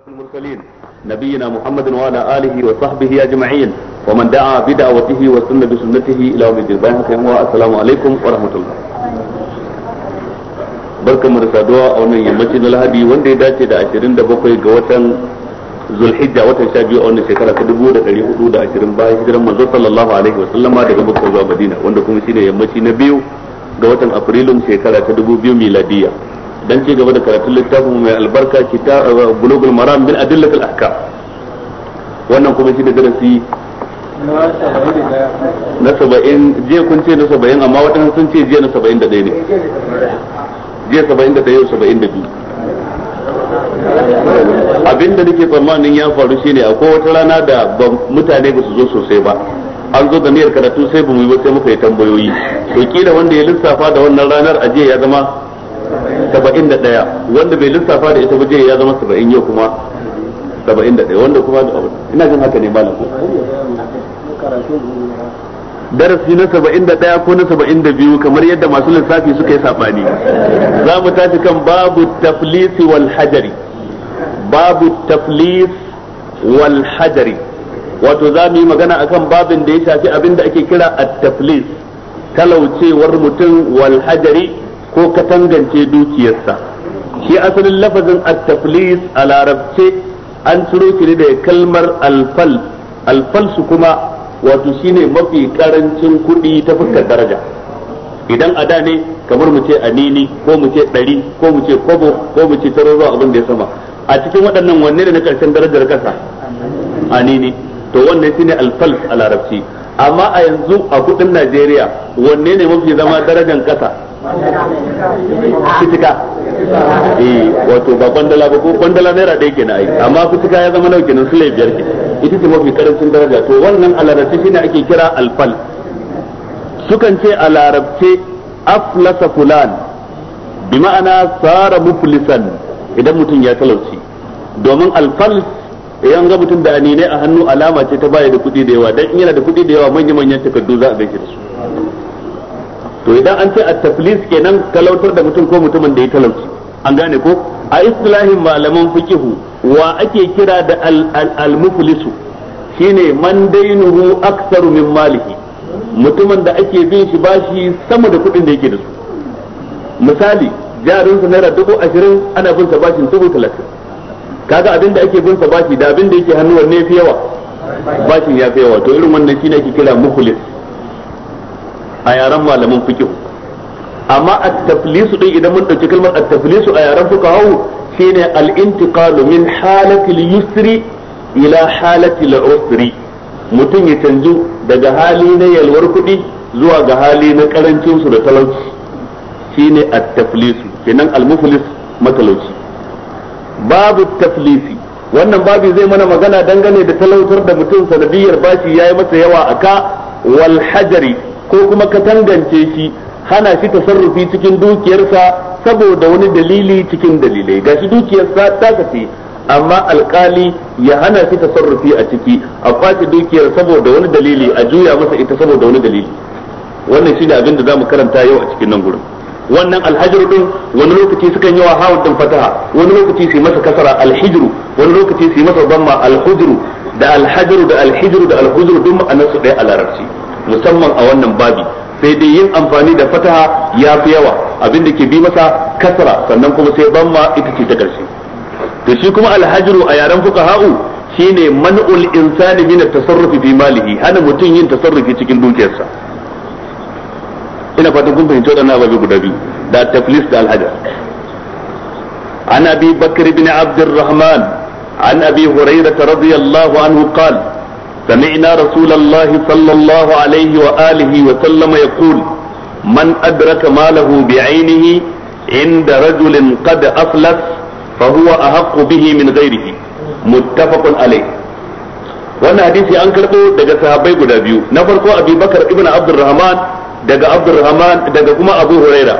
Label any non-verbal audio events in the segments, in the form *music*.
أشرف المرسلين نبينا محمد وعلى آله وصحبه أجمعين ومن دعا بدعوته وسن بسنته إلى يوم الدين السلام عليكم ورحمة الله barkanmu da saduwa a wannan yammaci na lahadi wanda ya dace da 27 ga watan zulhijja watan sha biyu a wannan shekara ta 1420 bayan hijiran manzo sallallahu alaihi wa sallama daga makka zuwa madina wanda kuma shine yammaci na biyu ga watan afrilun shekara ta 2000 miladiya dan ci gaba da karatun littafin mai albarka kitab eh, bulugul maram min adillatil ahkam wannan kuma shi da darasi na saba'in jiya kun ce na saba'in amma waɗansu sun ce jiya na saba'in da ɗaya ne jiya saba'in da ɗaya saba'in da biyu abin da nake tsammanin ya faru shi ne akwai wata rana da ba mutane ba su zo sosai ba an zo da niyyar karatu sai ba mu yi ba sai muka yi tambayoyi to kila wanda ya lissafa da wannan ranar a jiya ya zama saba'in da ɗaya wanda bai lissafa da ita waje ya zama saba'in yau kuma saba'in da ɗaya wanda kuma ina jin haka ne malam ko darasi na saba'in da ɗaya ko na saba'in da biyu kamar yadda masu lissafi suka yi saɓani za mu tashi kan babu taflisi wal hajari babu taflis wal hajari wato za mu yi magana akan babin da ya shafi abin da ake kira at-taflis talaucewar mutum wal hajari ko ka tangance dukiyarsa shi asalin lafazin at-taflis a larabce an ciro shi ne da kalmar alfal alfalsu kuma wato shine mafi karancin kuɗi ta fuskar daraja idan a da ne kamar mu ce a nini ko mu ce ɗari ko mu ce kobo ko mu ce taro zuwa abin da ya sama a cikin waɗannan wanne ne na ƙarshen darajar kasa a nini. to wannan shine alfal a larabci amma a yanzu a kuɗin Najeriya wanne ne mafi zama darajar kasa. fitika eh wato ba kwandala ba ko kwandala naira ɗaya kenan ai amma fitika ya zama nauke nan sulai biyar ke ita ce mafi karancin daraja to wannan a larabci shine ake kira alfal sukan ce a larabce aflasa fulan bi ma'ana sara muflisan idan mutum ya talauci domin alfal yan eh, ga mutum da anine a hannu alama ce ta baya da kuɗi da yawa dan yana da kuɗi da yawa manya manyan takardu za a bayar da su to idan an ce at-taflis kenan kalautar da mutum ko mutumin da ya talauci an gane ko a istilahin malaman fikihu wa ake kira da al-muflisu shine man dainuhu aktsaru min malihi mutumin da ake bin shi bashi sama da kuɗin da yake da su misali jarinsa naira dubu ashirin ana bin sa bashin dubu talatin kaga abin da ake bin sa bashi da abin da yake hannuwar ne fi yawa bashin ya fi yawa to irin wannan shine ake kira muflis a yaren malaman fiqh amma a taflisu din idan mun dauki kalmar a taflisu a yaren fuqahu shine al-intiqalu min halati al-yusri ila halati al-usri mutum ya canju daga hali na yalwar kuɗi zuwa ga hali na karancin su da talauci shine at-taflisu kenan al-muflis matalauci babu taflisi wannan babu zai mana magana dangane da talautar da mutum sanadiyar bashi ya yi masa yawa aka wal hajari ko kuma ka tangance shi hana shi tasarrufi cikin dukiyarsa saboda wani dalili cikin dalilai shi dukiyarsa ta tafi amma alkali ya hana shi tasarrufi a ciki a kwace dukiyar saboda wani dalili a juya masa ita saboda wani dalili wannan ne abin da mu karanta yau a cikin nan gurin wannan alhajiru din wani lokaci sukan yi wa hawan din fataha wani lokaci su masa kasara alhijiru wani lokaci su masa damma alhujiru da alhajiru da alhijiru da alhujiru duk ma'anar su ɗaya a larabci musamman a wannan babi sai dai yin amfani da fataha ya fi yawa abin da ke bi masa kasara sannan kuma sai bamma ita ce ta ƙarshe to shi kuma alhajiru a yaren fuka fuqaha'u shine man'ul insani min at-tasarrufi fi malihi hana mutum yin tasarrufi cikin dukiyarsa ina fatan kun fahimci wadannan ababe guda biyu da taflis da alhajar an ابي بكر بن عبد الرحمن عن ابي هريره رضي الله عنه قال سمعنا رسول الله صلى الله عليه وآله وسلم يقول من أدرك ماله بعينه عند رجل قد أفلس فهو أحق به من غيره متفق عليه wannan hadisi an karɓo daga sahabbai guda biyu na farko abi bakar ibn abdurrahman daga abdurrahman daga kuma abu huraira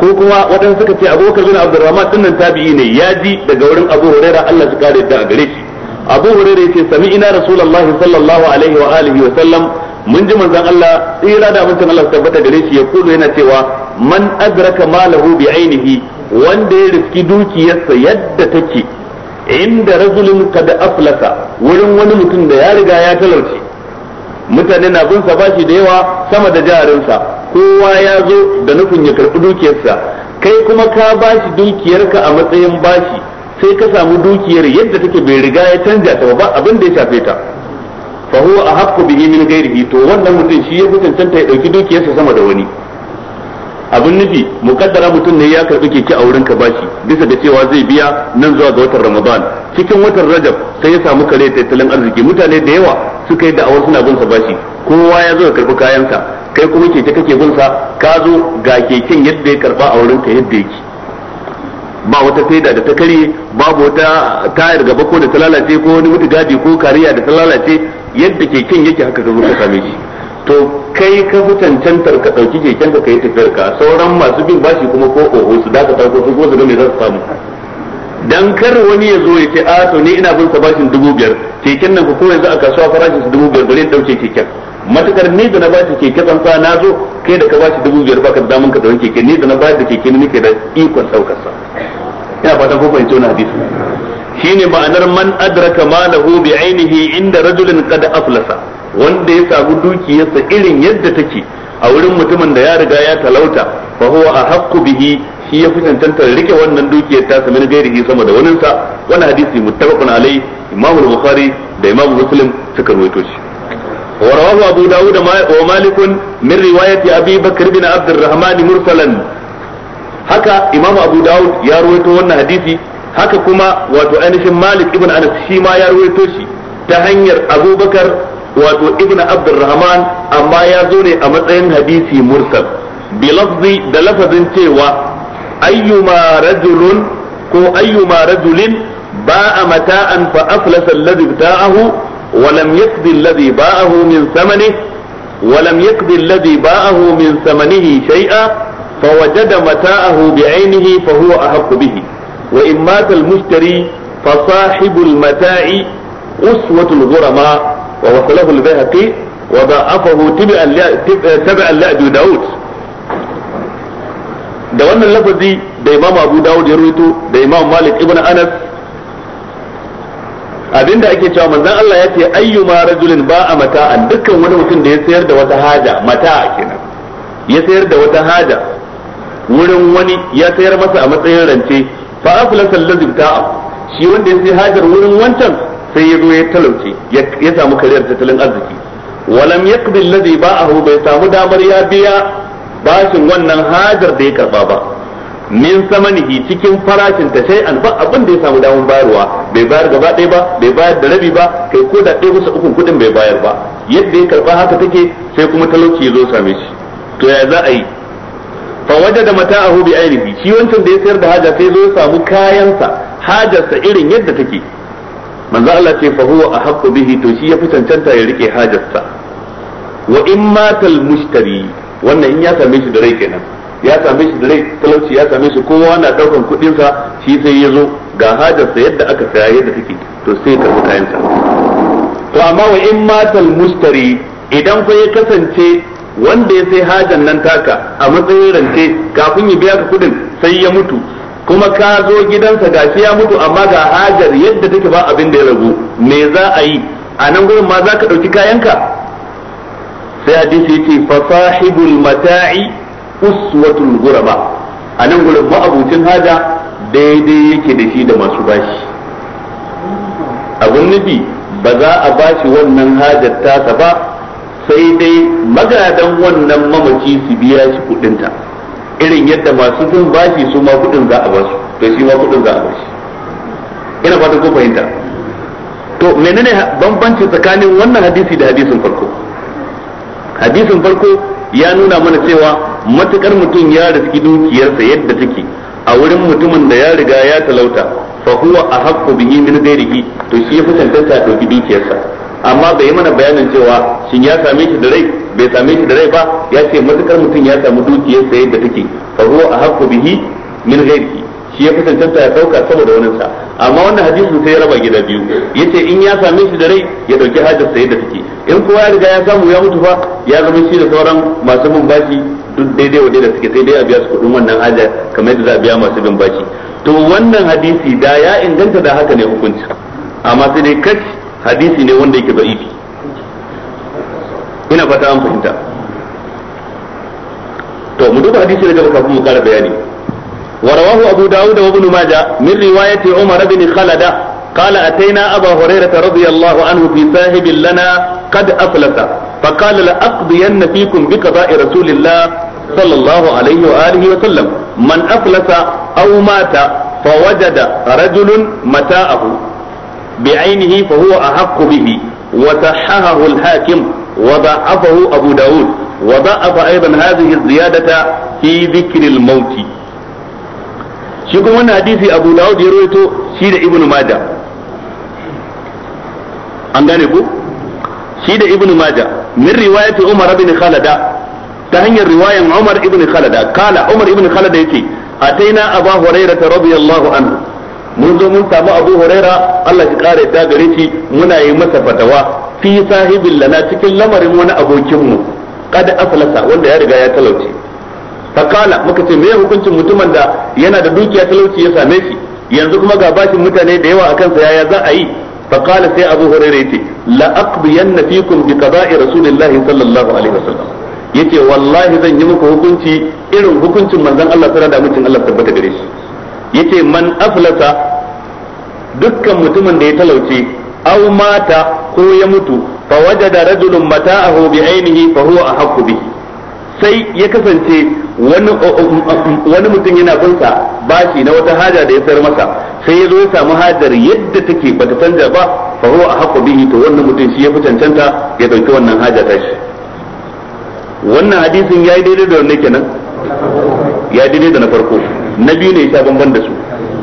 ko kuma wadansu suka ce abubakar bin abdurrahman din nan tabi'i ne ya ji daga wurin abu huraira Allah su kare da gare shi abu hurairah yace sami ina rasulullahi sallallahu alaihi wa alihi wa sallam mun ji manzon Allah tsira da abincin Allah tabbata gare shi ya kudu yana cewa man adraka malahu bi ainihi wanda ya riski dukiyarsa yadda take inda rajulun kad aflaka wurin wani mutum da ya riga ya talauce mutane na bin sa bashi da yawa sama da jarinsa kowa ya zo da nufin ya karbi dukiyarsa kai kuma ka bashi dukiyarka a matsayin bashi sai ka samu dukiyar yadda take bai riga ya canja ta ba abin da ya shafe ta fa huwa ahaqqu bihi min ghairihi to wannan mutum shi ya ta ya dauki dukiyarsa sama da wani abin nufi mukaddara mutum ne ya karbi keke a wurin ka bashi bisa da cewa zai biya nan zuwa ga watan Ramadan cikin watan Rajab sai ya samu kare tattalin arziki mutane da yawa suka yi da awar suna bin sa bashi kowa ya zo ya karbi kayan sa kai kuma keke kake bin sa ka zo ga keken yadda ya karba a wurin ka yadda yake ba wata faida da ta karye babu wata tayar gaba ko da ta lalace ko wani wuta gadi ko kariya da ta lalace yadda keken yake haka ka zo ka same shi to kai ka fi cancantar ka ɗauki keken ka kai tafiyar ka sauran masu bin bashi kuma ko oho su da ka ko su ga me za su samu dan kar wani ya zo ya ce a to ni ina bin sa bashin dubu biyar keken nan ko yanzu a kasuwa farashin su dubu biyar bari in keken matukar ni da na ba shi keke tsantsa na zo kai da ka ba shi dubu biyar baka da damun ka da keke ni da na ba da keke ni nake da ikon saukar sa ina fatan ko fahimci wannan hadisi shine ma'anar man adraka malahu bi ainihi inda rajulin qad aflasa wanda ya samu dukiyarsa irin yadda take a wurin mutumin da ya riga ya talauta fa huwa ahaqqu bihi shi ya fi cancantar rike wannan dukiyar ta gairi shi sama da waninsa wannan hadisi muttafaqun alai imamu bukhari da imamu muslim suka ruwaito shi ورواه أبو داود ومالك من رواية أبي بكر بن عبد الرحمن مرسلا haka imamu abu dawud ya ruwaito wannan hadisi haka kuma wato ainihin malik ibn anas shi ma ya ruwaito shi ta hanyar abubakar wato ibn abdurrahman amma ya zo ne a matsayin hadisi mursal bi lafzi da lafazin cewa ayyuma rajulun ko ayyuma rajulin a mata'an fa aflasa alladhi ta'ahu ولم يقض الذي باعه من ثمنه ولم يقض الذي باعه من ثمنه شيئا فوجد متاعه بعينه فهو أحق به وإن مات المشتري فصاحب المتاع أسوة الغرماء ووصله البيهقي وضاعفه تبعا لأبي داود da wannan lafazi da imam abu dawud ya ruwaito da imam malik ibn anas abinda ake cewa manzon Allah ya ce ayyuma rajulin a mata'an dukkan wani mutum da ya sayar da wata haja mata'a kenan ya sayar da wata haja wurin wani ya sayar masa a matsayin rance fa aflasa allazi ta'a shi wanda ya sai hajar wurin wancan sai ya zo ya talauce ya samu kariyar tattalin arziki walam yaqbil allazi ba'ahu bai samu damar ya biya bashin wannan hajar da ya karba ba min samanihi cikin farashin ta sai an abin da ya samu damun bayarwa bai bayar gaba ɗaya ba bai bayar da rabi ba kai ko da ɗaya kusa ukun kuɗin bai bayar ba yadda ya karba haka take sai kuma talauci ya zo same shi to ya za a yi fa wajada a bi ainihi shi wancan da ya sayar da haja sai zo ya samu kayansa hajarsa irin yadda take manzo Allah ce fa huwa ahqqu bihi to shi ya fi cancanta ya rike hajarsa wa in matal mushtari wannan in ya same shi da rai kenan ya same shi da rai talauci ya same shi kowa na daukan kudin shi sai ya zo ga hajarsa yadda aka saya yadda take to sai ka kayan sa to amma wa in matal mustari idan fa ya kasance wanda ya sai hajar nan taka a matsayin rance kafin ya biya ka kuɗin sai ya mutu kuma ka zo gidansa ga shi ya mutu amma ga hajar yadda take ba abin da ya ragu me za a yi a nan gurin ma za ka ɗauki kayanka sai hadisi ya ce fa sahibul mata'i uswatul ghuraba a nan gurin ma'abucin haja daidai yake da shi da masu bashi abun nabi ba za a bashi wannan hajar tasa ba sai dai magadan wannan mamaci su biya shi kudinta irin yadda masu bin bashi su ma kudin za a basu to shi ma kudin za a bashi ina fata ko fahimta to menene bambanci tsakanin wannan hadisi da hadisin farko hadisin farko ya nuna mana cewa matukar mutum ya riski dukiyarsa yadda take a wurin mutumin da ya riga ya talauta fa huwa ahaqqu bihi min ghairihi to shi yafi tantance a dauki dukiyarsa amma bai mana bayanin cewa shin ya same shi da rai bai same shi da rai ba ya ce matukar mutum ya samu dukiyarsa yadda take fa huwa ahaqqu bihi min ghairihi shi ya tantance ya dauka saboda wani sa amma wannan hadisin sai ya raba gida biyu yace in ya same shi da rai ya dauki hajarsa yadda take in kowa ya riga ya samu ya mutu fa ya zama shi da sauran masu mun bashi duk daidai wa da suke sai dai a biya su kudin wannan haja kamar yadda za a biya masu bin baki to wannan hadisi da ya inganta da haka ne hukunci amma sai dai kaci hadisi ne wanda yake da'ifi ina fata an fahimta to mu duba hadisi daga kafin mu kara bayani ورواه أبو داود وابن ماجة من رواية عمر بن خلدة قال أتينا أبا هريرة رضي الله عنه في صاحب لنا قد أفلس فقال لأقضين فيكم بقضاء رسول الله صلى الله عليه وآله وسلم من أفلس أو مات فوجد رجل متاعه بعينه فهو أحق به وصححه الحاكم وضعفه أبو داود وضعف أيضا هذه الزيادة في ذكر الموت shi kuma wannan hadisi abu dawud ya rawaito shi da ibnu majah an gane ku shi da ibn maja min riwayati umar ibn khalada ta hanyar riwayan umar ibn khalada kala umar ibn khalada yake ataina abu hurairah radiyallahu anhu mun zo mun samu abu huraira Allah ya kare ta gare shi muna yi masa fatawa fi sahibin lana cikin lamarin wani abokin mu kada aflasa wanda ya riga ya talauce fakala muka ce me hukuncin mutumin da yana da dukiya talauci ya same shi yanzu kuma ga bashin mutane da yawa akan sa yaya za a yi فقال سي أبو هريرة يتي لأقضين فيكم بقضاء رسول الله صلى الله عليه وسلم yace wallahi zan yi muku hukunci irin hukuncin manzon Allah tsara da mutum Allah tabbata gare shi yace man aflata dukkan mutumin da ya talauci aw mata ko ya mutu fa wajada rajulun a bi ainihi fa huwa ahqqu bihi sai ya kasance wani mutum yana binsa bashi na wata haja da ya sayar masa sai ya zo ya samu hajar yadda take bata canja ba fa huwa ahqqu bihi to wannan mutum shi ya fi cancanta ya dauki wannan haja ta shi wannan hadisin yayi daidai da wannan kenan ya daidai da na farko na biyu ne ya bamban da su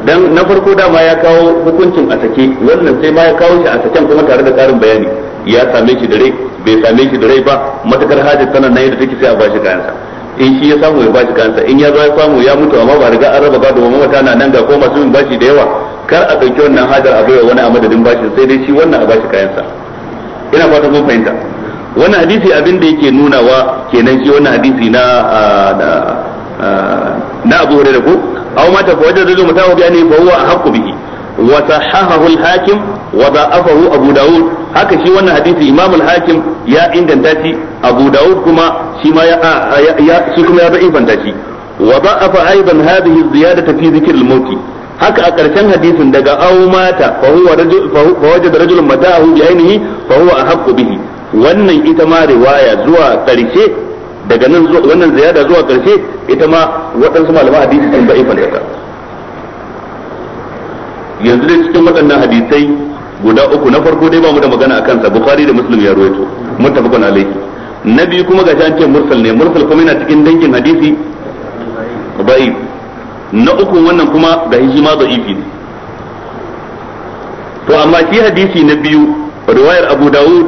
dan na farko dama ya kawo hukuncin a sake wannan sai ma ya kawo shi a saken kuma tare da karin bayani ya same shi da rai bai same shi da rai ba matakar hajar tana nan yadda take sai a bashi kayansa in shi ya samu ya bashi kansa in ya zo ya samu ya mutu amma ba riga an raba gado ba mata na nan ga ko masu yin bashi da yawa kar a ɗauki wannan hajar a baiwa wani a madadin bashi sai dai shi wannan a bashi kayansa ina fata kun fahimta wannan hadisi abin da yake nunawa kenan shi wannan hadisi na na Abu Hurairah ko aw mata fa wajen rajul mutawabi ne fa huwa ahqqu bihi wa sahahahu al-hakim wa da'afahu abu daud haka shi wannan hadisi imam al-hakim ya inganta shi abu daud kuma shi ma ya shi kuma ya da'ifanta shi wa da'afa aidan hadhihi ziyadata fi dhikr al-maut haka a ƙarshen hadisin daga aw mata fa huwa rajul fa wajada rajulun mata'ahu bi ainihi fa huwa ahaqqu bihi wannan ita ma riwaya zuwa ƙarshe daga nan wannan ziyada zuwa ƙarshe ita ma waɗansu malaman hadisi sun da'ifanta ta yanzu dai cikin waɗannan hadisai guda uku na farko dai ba mu da magana akan sa bukhari da muslim ya rawaito muttafaqun alayhi na biyu kuma gashi an ce mursal ne mursal kuma yana cikin dangin hadisi bai na uku wannan kuma ga shi ma ifi ne to amma shi hadisi na biyu riwayar abu dawud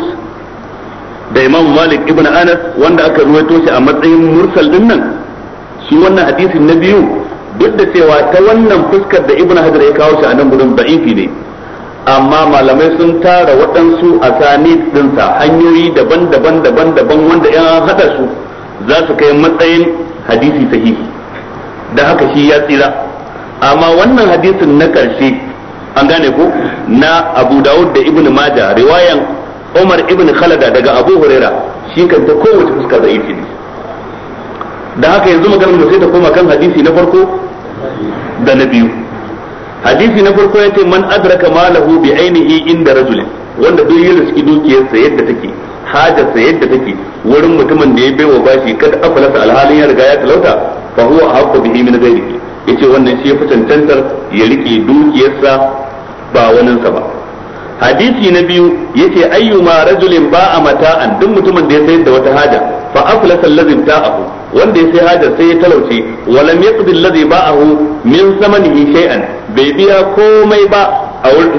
da imam malik ibn anas wanda aka ruwaito shi a matsayin mursal din nan shi wannan hadisin na biyu duk da cewa ta wannan fuskar da ibn hajar ya kawo shi a nan gurin da'ifi ne amma malamai sun tara waɗansu a sani dinsa hanyoyi daban-daban daban-daban wanda yan haɗa su za su kai matsayin hadisi sahihi da haka shi ya tsira amma wannan hadisin na ƙarshe an gane ko na abu dawud da ibn majah riwayan umar ibn khalada daga abu huraira shi kanta kowace fuska da'ifi ne da haka yanzu maganar mu sai ta koma kan hadisi na farko da na biyu hadisi na farko ya ce man adraka malahu bi ainihi inda rajulin wanda duk yin riski dukiyarsa yadda take hajarsa yadda take wurin mutumin da ya baiwa bashi kada afalasa alhalin ya riga ya talauta fa huwa haqqu bihi min ghairihi yace wannan shi ya tantantar ya rike dukiyarsa ba sa ba hadisi na biyu yace ayyuma rajulin ba ba'a mata'an duk mutumin da ya sayar da wata haja fa aflasa allazi ta'ahu wanda ya sai hajar sai ya talauce walam yaqdi allazi ba'ahu min samanihi shay'an bai biya komai ba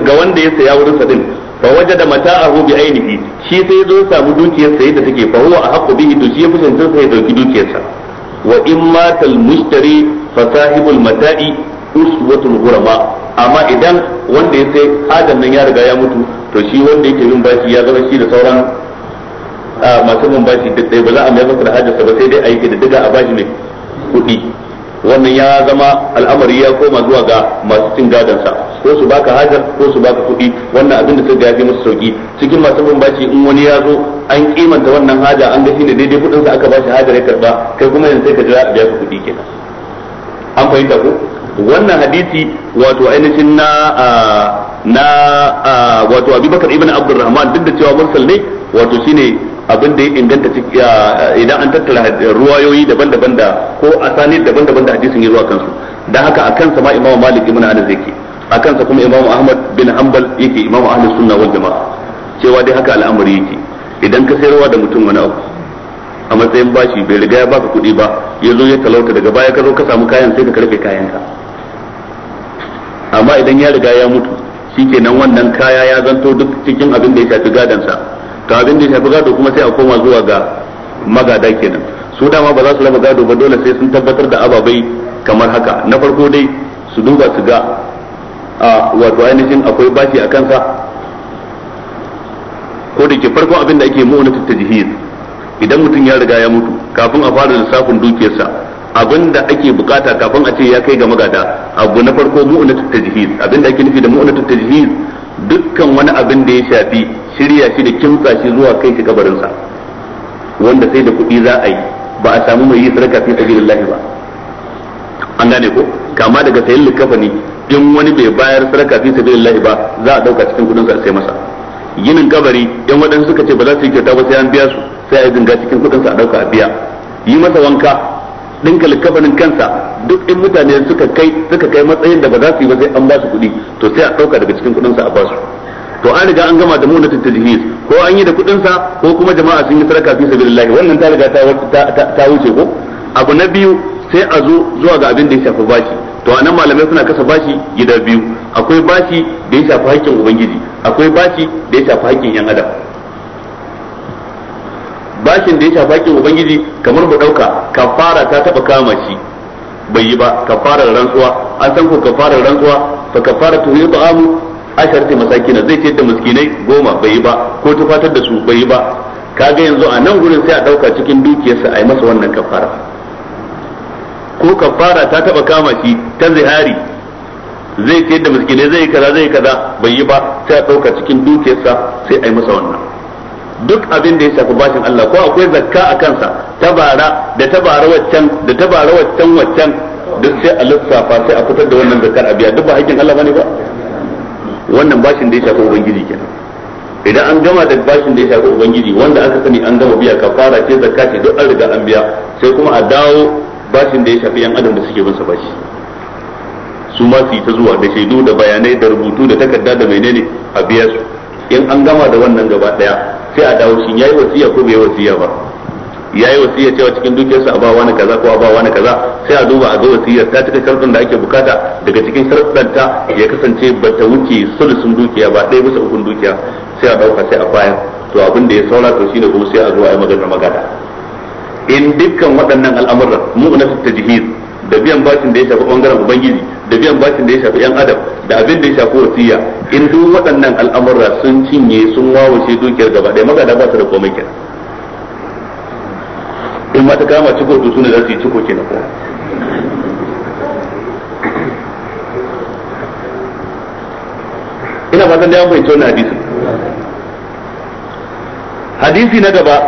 ga wanda ya saya wurin sa din fa wajada mata'ahu bi ainihi shi sai ya zo samu dukiyar sa da take fa huwa ahqqu bihi to shi ya fushanta sai ya dauki dukiyar sa wa in mata mushtari fa sahibul mata'i uswatul ghurama amma idan wanda ya sai hajar nan ya riga ya mutu to shi wanda yake yin bashi ya zama shi da sauran masu mun bashi duk ɗaya ba za a mai masa da ba sai dai a yi daga a bashi mai kuɗi wannan ya zama al'amari ya koma zuwa ga masu cin gadon sa ko su baka hajar ko su baka kuɗi wannan abin da suka ga fi musu sauki cikin masu mun bashi in wani ya zo an kimanta wannan haja an ga ne daidai kudin sa aka bashi hajar ya karba kai kuma yanzu sai ka jira a biya ka kuɗi kenan an fahimta ko wannan hadisi wato ainihin na na wato abubakar ibn abdurrahman duk da cewa mursal ne wato shine abin da ya inganta idan an tattara ruwayoyi daban-daban da ko asani daban-daban da hadisin ya zuwa kansu da haka a kansa ma imamu malik ibn anas yake a kansa kuma imamu ahmad bin hanbal yake imamu ahlus sunna wal jamaa cewa dai haka al'amari yake idan ka sayarwa da mutum wani abu a matsayin bashi bai riga ya baka kuɗi ba ya zo ya talauta daga baya ka zo ka samu kayan sai ka karfe kayanka amma idan ya riga ya mutu shi nan wannan kaya ya zanto duk cikin abin da ya shafi gadansa to abin da ya shafi gado kuma sai a koma zuwa ga magada kenan su dama ba za su raba gado ba dole sai sun tabbatar da ababai kamar haka na farko dai su duba su ga a wato ainihin akwai bashi a kansa ko da ke farko abin da ake mu'unatu tajhiz idan mutum ya riga ya mutu kafin a fara lissafin dukiyarsa abin da ake bukata kafin a ce ya kai ga magada abu na farko mu'unatu tajhiz abin da ake nufi da mu'unatu tajhiz dukkan wani abin da ya shafi shirya shi da kimtsa shi zuwa kai shi kabarinsa wanda sai da kuɗi za a yi ba a samu mai yi sadaka fi sabilillahi ba an gane ko kama daga likafa ne in wani bai bayar sadaka fi sabilillahi ba za a dauka cikin kuɗinsa a sai masa yinin kabari yan waɗansu suka ce ba za su yi kyauta ba sai an biya su sai a zinga cikin kuɗinsa a dauka a biya yi masa wanka dinka likafanin kansa duk in mutane suka kai suka kai matsayin da ba za su yi ba sai an ba su kuɗi to sai a dauka daga cikin kuɗinsa a ba su to an riga an gama da mu na tajhiz ko an yi da kudin sa ko kuma jama'a sun yi sadaka fi sabilillah wannan ta riga ta wuce ko abu na biyu sai a zo zuwa ga abin da ya shafi bashi to a nan malamai suna kasa bashi gida biyu akwai bashi da ya shafi haƙƙin ubangiji akwai bashi da ya shafi haƙƙin yan adam bashin da ya shafi haƙƙin ubangiji kamar mu ɗauka kafara ta taɓa kama shi bai yi ba kafarar rantsuwa an san ko kafarar rantsuwa fa kafaratu yut'amu asharati masakina zai ce da miskinai goma bai yi ba ko tufatar da su bai yi ba kaga yanzu a nan gurin sai a dauka cikin dukiyarsa a yi masa wannan kafara ko kafara ta taba kama shi ta zihari zai ce da miskinai zai kaza zai kaza bai yi ba sai a dauka cikin dukiyarsa sai a yi masa wannan duk abin da ya shafi bashin Allah ko akwai zakka a kansa tabara da tabara waccan da tabara waccan waccan duk sai a lissafa sai a fitar da wannan zakkar a biya duk ba hakkin Allah bane ba wannan bashin da ya shafi ubangiji kenan idan an gama da bashin da ya shafi ubangiji wanda aka sani an gama biya kafara ce zakka ce duk an riga an biya sai kuma a dawo bashin da ya shafi yan adam da suke bin sa bashi su ma su ta zuwa da shaidu da bayanai da rubutu da takarda da menene a biya su in an gama da wannan gaba daya sai a dawo shin yayi wasiya ko bai wasiya ba yayi wasiya cewa cikin dukiyarsa a ba wani kaza ko a ba wani kaza sai a duba a ga wasiyar ta cika shartun da ake bukata daga cikin sharuɗin ta ya kasance bata wuce sulusun dukiya ba ɗaya bisa ukun dukiya sai a dauka sai a bayar to abin da ya saura to shine kuma sai a zo a yi magana magana in dukkan waɗannan al'amuran fita jihiz da biyan bashin da ya shafi bangaren ubangiji da biyan bashin da ya shafi yan adam da abin da ya shafi wasiya in duk waɗannan al'amuran sun cinye sun wawace dukiyar gaba ɗaya magada ba su da komai kenan in mata kama ciko to sune za su yi ciko kenan ko ina fatan da ya fahimci wannan hadisin hadisi na gaba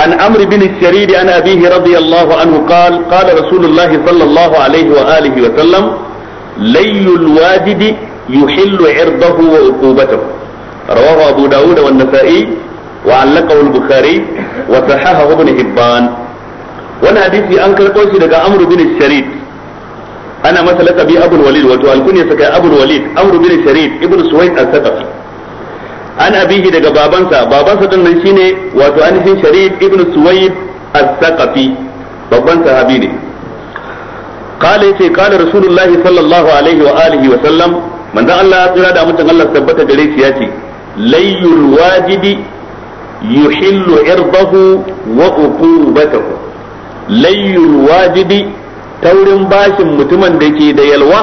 عن عمرو بن الشريد عن أبيه رضي الله عنه قال قال رسول الله صلى الله عليه وآله وسلم لي الواجد يحل عرضه وعقوبته رواه أبو داود والنسائي وعلقه البخاري وصححه ابن حبان وانا حديثي انكر قوشي لك عمرو بن الشريد انا مثلا ابي ابو الوليد وتو الكنية سكا ابو الوليد عمرو بن الشريد ابن سويد الثقفي an abihi daga babansa babansa din nan shine wato ainihin sharid ibn suwaid as-saqafi babban sahabi ne قال يتي قال رسول الله صلى الله عليه وآله وسلم من ذا الله ترى دا متن الله ثبت gare shi yace layyul wajibi yuhillu irdahu wa uqubatahu layyul wajibi taurin bashin mutumin da ke da yalwa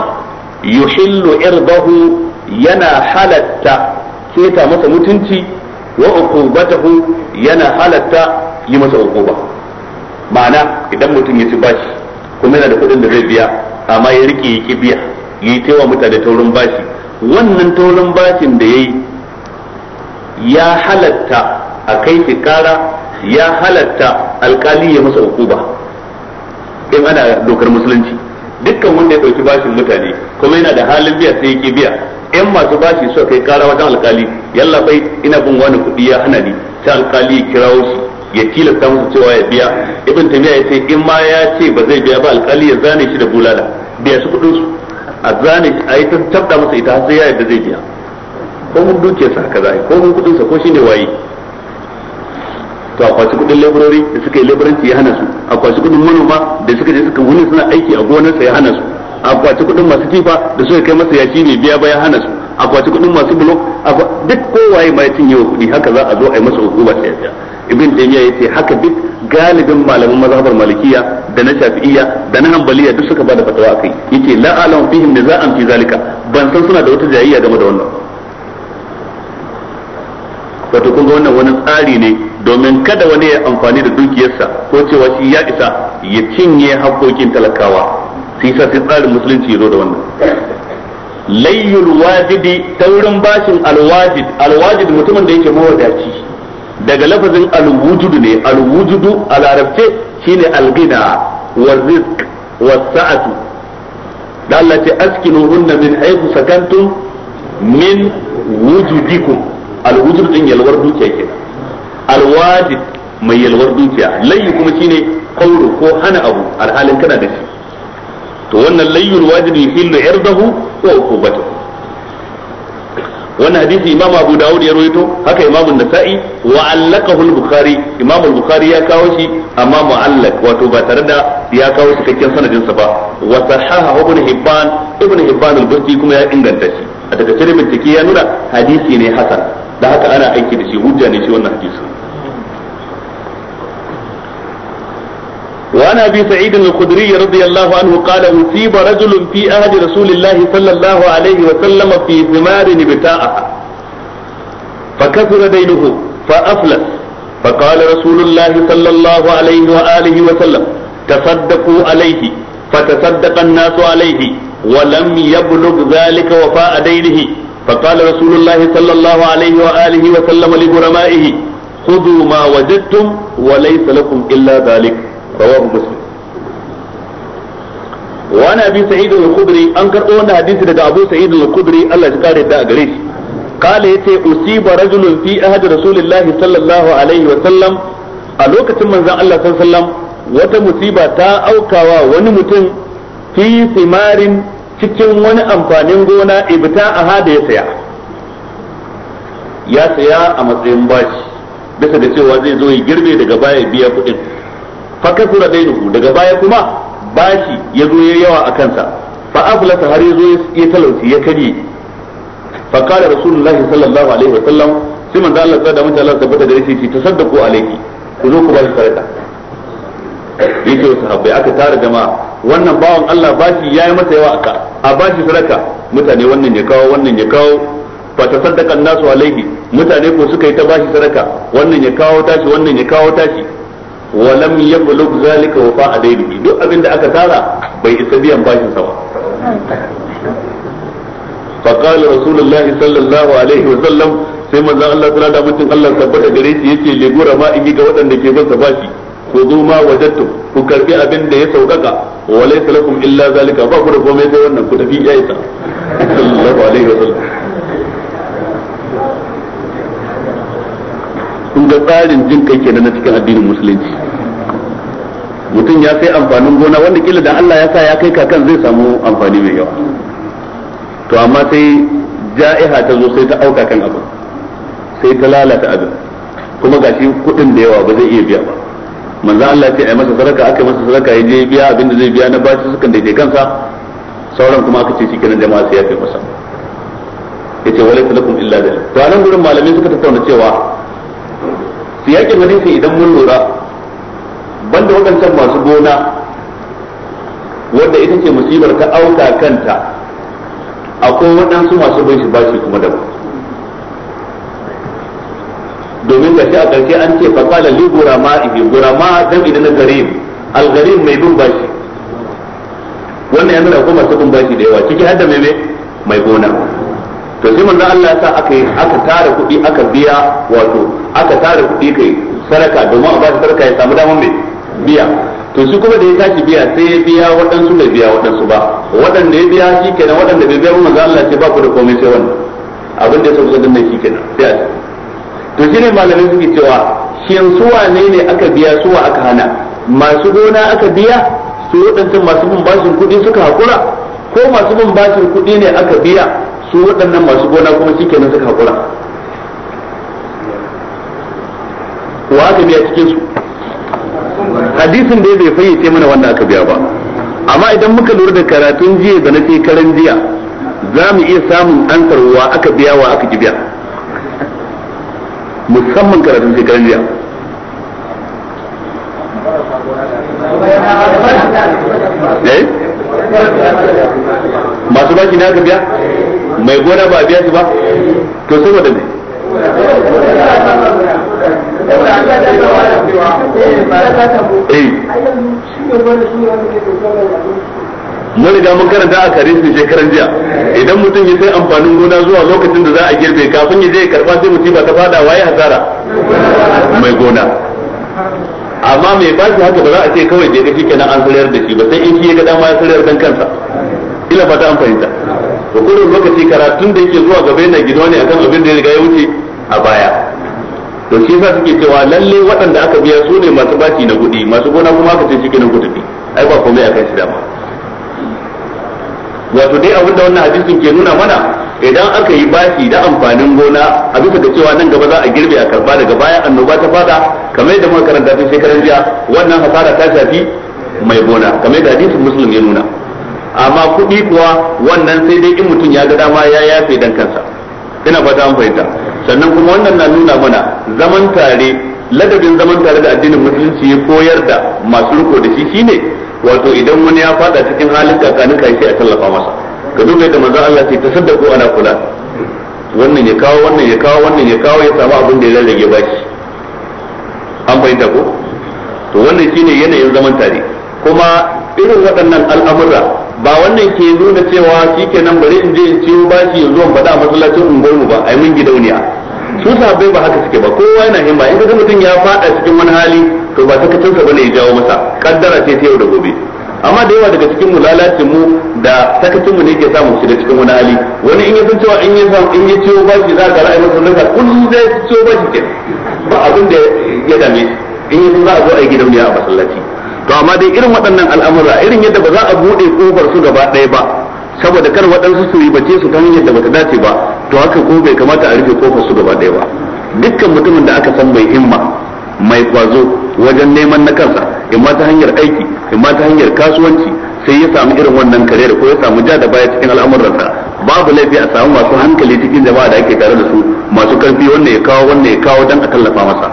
yuhillu bahu yana halatta keta masa mutunci wa uqubatahu yana halatta yi masa uquba ma'ana idan mutum ya ci bashi kuma yana da kuɗin da zai biya amma ya rike ya ki biya yayi taiwa mutane taurin bashi wannan taurin bashin da yayi ya halatta a kai shi kara ya halatta alkali ya masa hukuba in ana dokar musulunci dukkan wanda ya dauki bashin mutane kuma yana da halin biya sai yake biya in masu bashi suka kai kara wajen alkali yalla bai ina bin wani kuɗi ya hana ni sai alkali ya kirawo shi ya tilasta musu cewa ya biya ibn tamiya ya ce in ma ya ce ba zai biya ba alkali ya zane shi da bulala biya su kuɗin su a zane a yi ta tabda masa ita har sai ya yadda zai biya ko mun dukiyarsa haka za ko mun kuɗinsa ko shi ne waye to a kwashi kudin laborori da suka yi laboranci ya hana su a kwashi kudin manoma da suka je suka wuni suna aiki a gonarsa ya hana su a kwashi kudin masu kifa da suka kai masa yashi mai biya ba ya hana su a kwashi kudin masu bulo duk kowaye ma ya cinye wa kudi haka za a zo a yi masa hukuma ta yadda ibn taymiya yace haka duk galibin malaman mazhabar malikiya da na shafi'iyya da na hanbaliya duk suka bada fatawa akai yace la alam fihim za'an fi zalika ban san suna da wata jayayya game da wannan wato kun ga wannan wani tsari ne domin kada wani ya amfani da dukiyarsa ko cewa shi ya isa ya cinye haƙoƙin talakawa sai sa sai tsarin musulunci ya zo da wannan layyul wajidi taurin bashin alwajid alwajid mutumin da yake mawadaci daga lafazin alwujudu ne alwujudu a larabce shine algina wa rizq wa sa'atu da Allah ce askinuhunna min haythu sakantum min wujudikum alwujudu din yalwar dukiya alwajib mai yalwar dukiya layyu kuma shine kauro ko hana abu alhalin kana da shi to wannan layyul wajib yuhillu irdahu wa uqubatahu wannan hadisi imam abu dawud ya rawaito haka imam nasa'i wa allaqahu al-bukhari imam al-bukhari ya kawo shi amma mu'allaq wato ba tare da ya kawo shi cikakken sanadin sa ba wa sahahahu ibn hibban ibn hibban al-busti kuma ya inganta shi a daga cikin bincike ya nuna hadisi ne hasan da haka ana aiki da shi hujja ne shi wannan hadisi وعن ابي سعيد الخدري رضي الله عنه قال اصيب رجل في عهد رسول الله صلى الله عليه وسلم في ثمار ابتاعها فكثر دينه فافلس فقال رسول الله صلى الله عليه واله وسلم تصدقوا عليه فتصدق الناس عليه ولم يبلغ ذلك وفاء دينه فقال رسول الله صلى الله عليه واله وسلم لغرمائه خذوا ما وجدتم وليس لكم الا ذلك رواه مسلم وعن ابي سعيد الخدري ان كربو hadisi daga Abu Sa'id al-Khudri Allah ya kare da gare shi kale yace usiba rajulun fi sallallahu alaihi wa sallam a lokacin manzon Allah sallallahu alaihi wata musiba ta aukawa wani mutum fi simarin cikin wani amfanin gona ibta a hada ya saya ya saya a matsayin bashi bisa da cewa zai zo ya girbe daga baya biya kuɗin fa kasura dainuhu daga baya kuma bashi ya zo ya yawa a kansa fa aflata har ya zo ya talauci ya karye fa qala rasulullahi sallallahu alaihi wa sallam sai manzo Allah ya da mutane Allah tabbata da rishi ta saddako alayki ku zo ku bashi sadaka yake wasu habbai aka tara jama'a wannan bawan Allah bashi yayi masa yawa aka a bashi sadaka mutane wannan ya kawo wannan ya kawo fa tasaddaqa nasu alayhi mutane ko suka yi ta bashi sadaka wannan ya kawo tashi wannan ya kawo tashi wa lam yablugh zalika wa fa'a dayni duk abin da aka tara bai isa biyan bashin sa ba fa qala rasulullahi sallallahu alaihi wa sallam sai manzon Allah ta da mutun Allah tabbata gare shi yace le gura ma in ga waɗanda ke bin sa bashi ko zo ma wajattu ku karbi abin da ya saukaka wa laysa lakum illa zalika ba ku da komai sai wannan ku tafi ya isa sallallahu alaihi kun ga tsarin jin kai kenan na cikin addinin musulunci mutum ya sai amfanin gona wanda kila da Allah ya sa ya kai kakan zai samu amfani mai yawa to amma sai ja'iha ta zo sai ta auka kan abu sai ta lalata abin kuma gashi kuɗin da yawa ba zai iya biya ba manzo Allah ce ai masa sadaka aka masa sadaka ya je biya abin da zai biya na bashi sukan da ke kansa sauran kuma aka ce shi kenan jama'a sai ya kai masa yace wala lakum illa dalil to anan gurin malamai suka tattauna cewa su yakin hadisi idan mun lura banda waɗancan masu gona wanda ita ce musibar ta auka kanta akwai waɗansu masu bai shi bashi kuma daban domin ga shi a ƙarshe an ce faƙala li gurama ihi gurama dan idan na garib algarib mai bin bashi wannan yana da kuma masu bin bashi da yawa ciki hadda mai mai gona to zai manzo Allah ya sa aka yi aka tara kuɗi aka biya wato aka tara kuɗi kai saraka domin a ba shi saraka ya samu damar mai biya to shi kuma da ya tashi biya sai ya biya waɗansu bai biya waɗansu ba waɗanda ya biya shi kenan waɗanda bai biya manzo Allah ce ba ku da komai sai wannan abin da ya sauka dinnan shi kenan sai a to shi ne malamai suke cewa shin su wane ne aka biya su wa aka hana masu gona aka biya su waɗancan masu bin bashin kuɗi suka haƙura ko masu bin bashin kuɗi ne aka biya su waɗannan masu gona kuma shi kenan suka haƙura wa aka biya cikin su hadisin da bai fayyace mana wanda aka biya ba amma idan muka lura da karatun jiya da na karan jiya za mu iya samun ansar wa aka biya wa aka ki biya musamman karatun shekaran jiya eh? masu baki na aka biya mai gona ba biya shi ba to saboda me eh. mun riga mun karanta a kare su shekaran jiya idan mutum ya sai amfanin gona zuwa lokacin da za a girbe kafin ya je ya karba sai musiba ta fada waye hasara mai gona amma mai ba shi haka ba za a ce kawai je ka shikenan an sarayar da shi ba sai in shi ya ga dama ya sarayar dan kansa ila fata an fahimta da lokaci karatun da yake zuwa gaba yana gido ne akan abin da ya riga ya wuce a baya to shi yasa suke cewa lalle waɗanda aka biya su ne masu baci na kuɗi masu gona kuma aka ce shi kenan ku tafi ai ba komai kan shi dama wato dai abinda wannan hadisin ke nuna mana idan aka yi bashi da amfanin gona a bisa da cewa nan gaba za a girbe a karba daga baya annoba ta fada kamar yadda muka karanta tun shekaran jiya wannan hasara ta shafi mai gona kamar yadda hadisin muslim ya nuna amma kuɗi kuwa wannan sai dai in mutum ya ga dama ya yafe dan kansa ina fata an fahimta sannan kuma wannan na nuna mana zaman tare ladabin zaman tare da addinin musulunci ya koyar da masu riko da shi shine wato idan wani ya fada cikin halin kakanin kai sai a tallafa masa ka duba yadda manzon Allah sai ta saddako ana kula wannan ya kawo wannan ya kawo wannan ya kawo ya samu abin da ya rage bashi an fahimta ko to wannan shine yanayin zaman tare kuma irin waɗannan al'amura ba wannan ke nuna cewa shi nan bari in je in ciwo bashi yanzu in faɗa masallacin unguwarmu ba ai mun gidauniya su sabai ba haka suke ba kowa yana himma in kaga mutum ya faɗa cikin wani hali to ba sakacinsa bane ya jawo masa kaddara ce ta yau da gobe amma da yawa daga cikin mu lalacin mu da sakacin mu ne ke samu da cikin wani hali wani in ya san cewa in ya san in ya ciwo shi za ka ra'ayi masa naka kullum zai ciwo bashi ke ba abin da ya dame in ya san za a zo a yi gidauniya a masallaci to amma dai irin waɗannan al'amura irin yadda ba za a buɗe kofar su gaba ɗaya ba saboda kar waɗansu su yi bace su ta hanyar da bata dace ba to haka ko bai kamata a rufe kofar su gaba ɗaya ba dukkan mutumin da aka san mai himma mai kwazo wajen neman na kansa in ta hanyar aiki in ta hanyar kasuwanci sai ya samu irin wannan kariyar ko ya samu ja da baya cikin al'amuransa babu laifi a samu masu hankali cikin jama'a da ake tare da su masu karfi wanda ya kawo wanda ya kawo dan a tallafa masa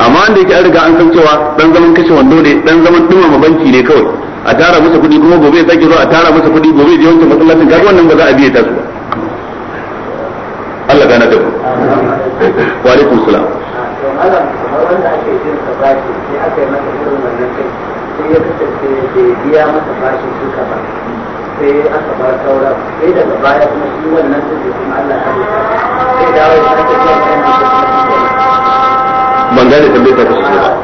amma wanda yake an riga an san cewa dan zaman kashe wando ne dan zaman dumama banki ne kawai a tara masa kuɗi kuma gobe zai zo a tara masa kuɗi gobe je wancan masallacin kaga wannan ba za a biye ta su ba Allah gana da ku wa alaikum salam wanda ake jin sa bashi sai aka yi masa irin wannan kai sai ya kasance bai biya masa bashi duka ba sai aka bar saura sai daga baya kuma shi wannan sai kuma Allah ya sai dawo ya sake jin ban gane tambayar ta kusa ba masa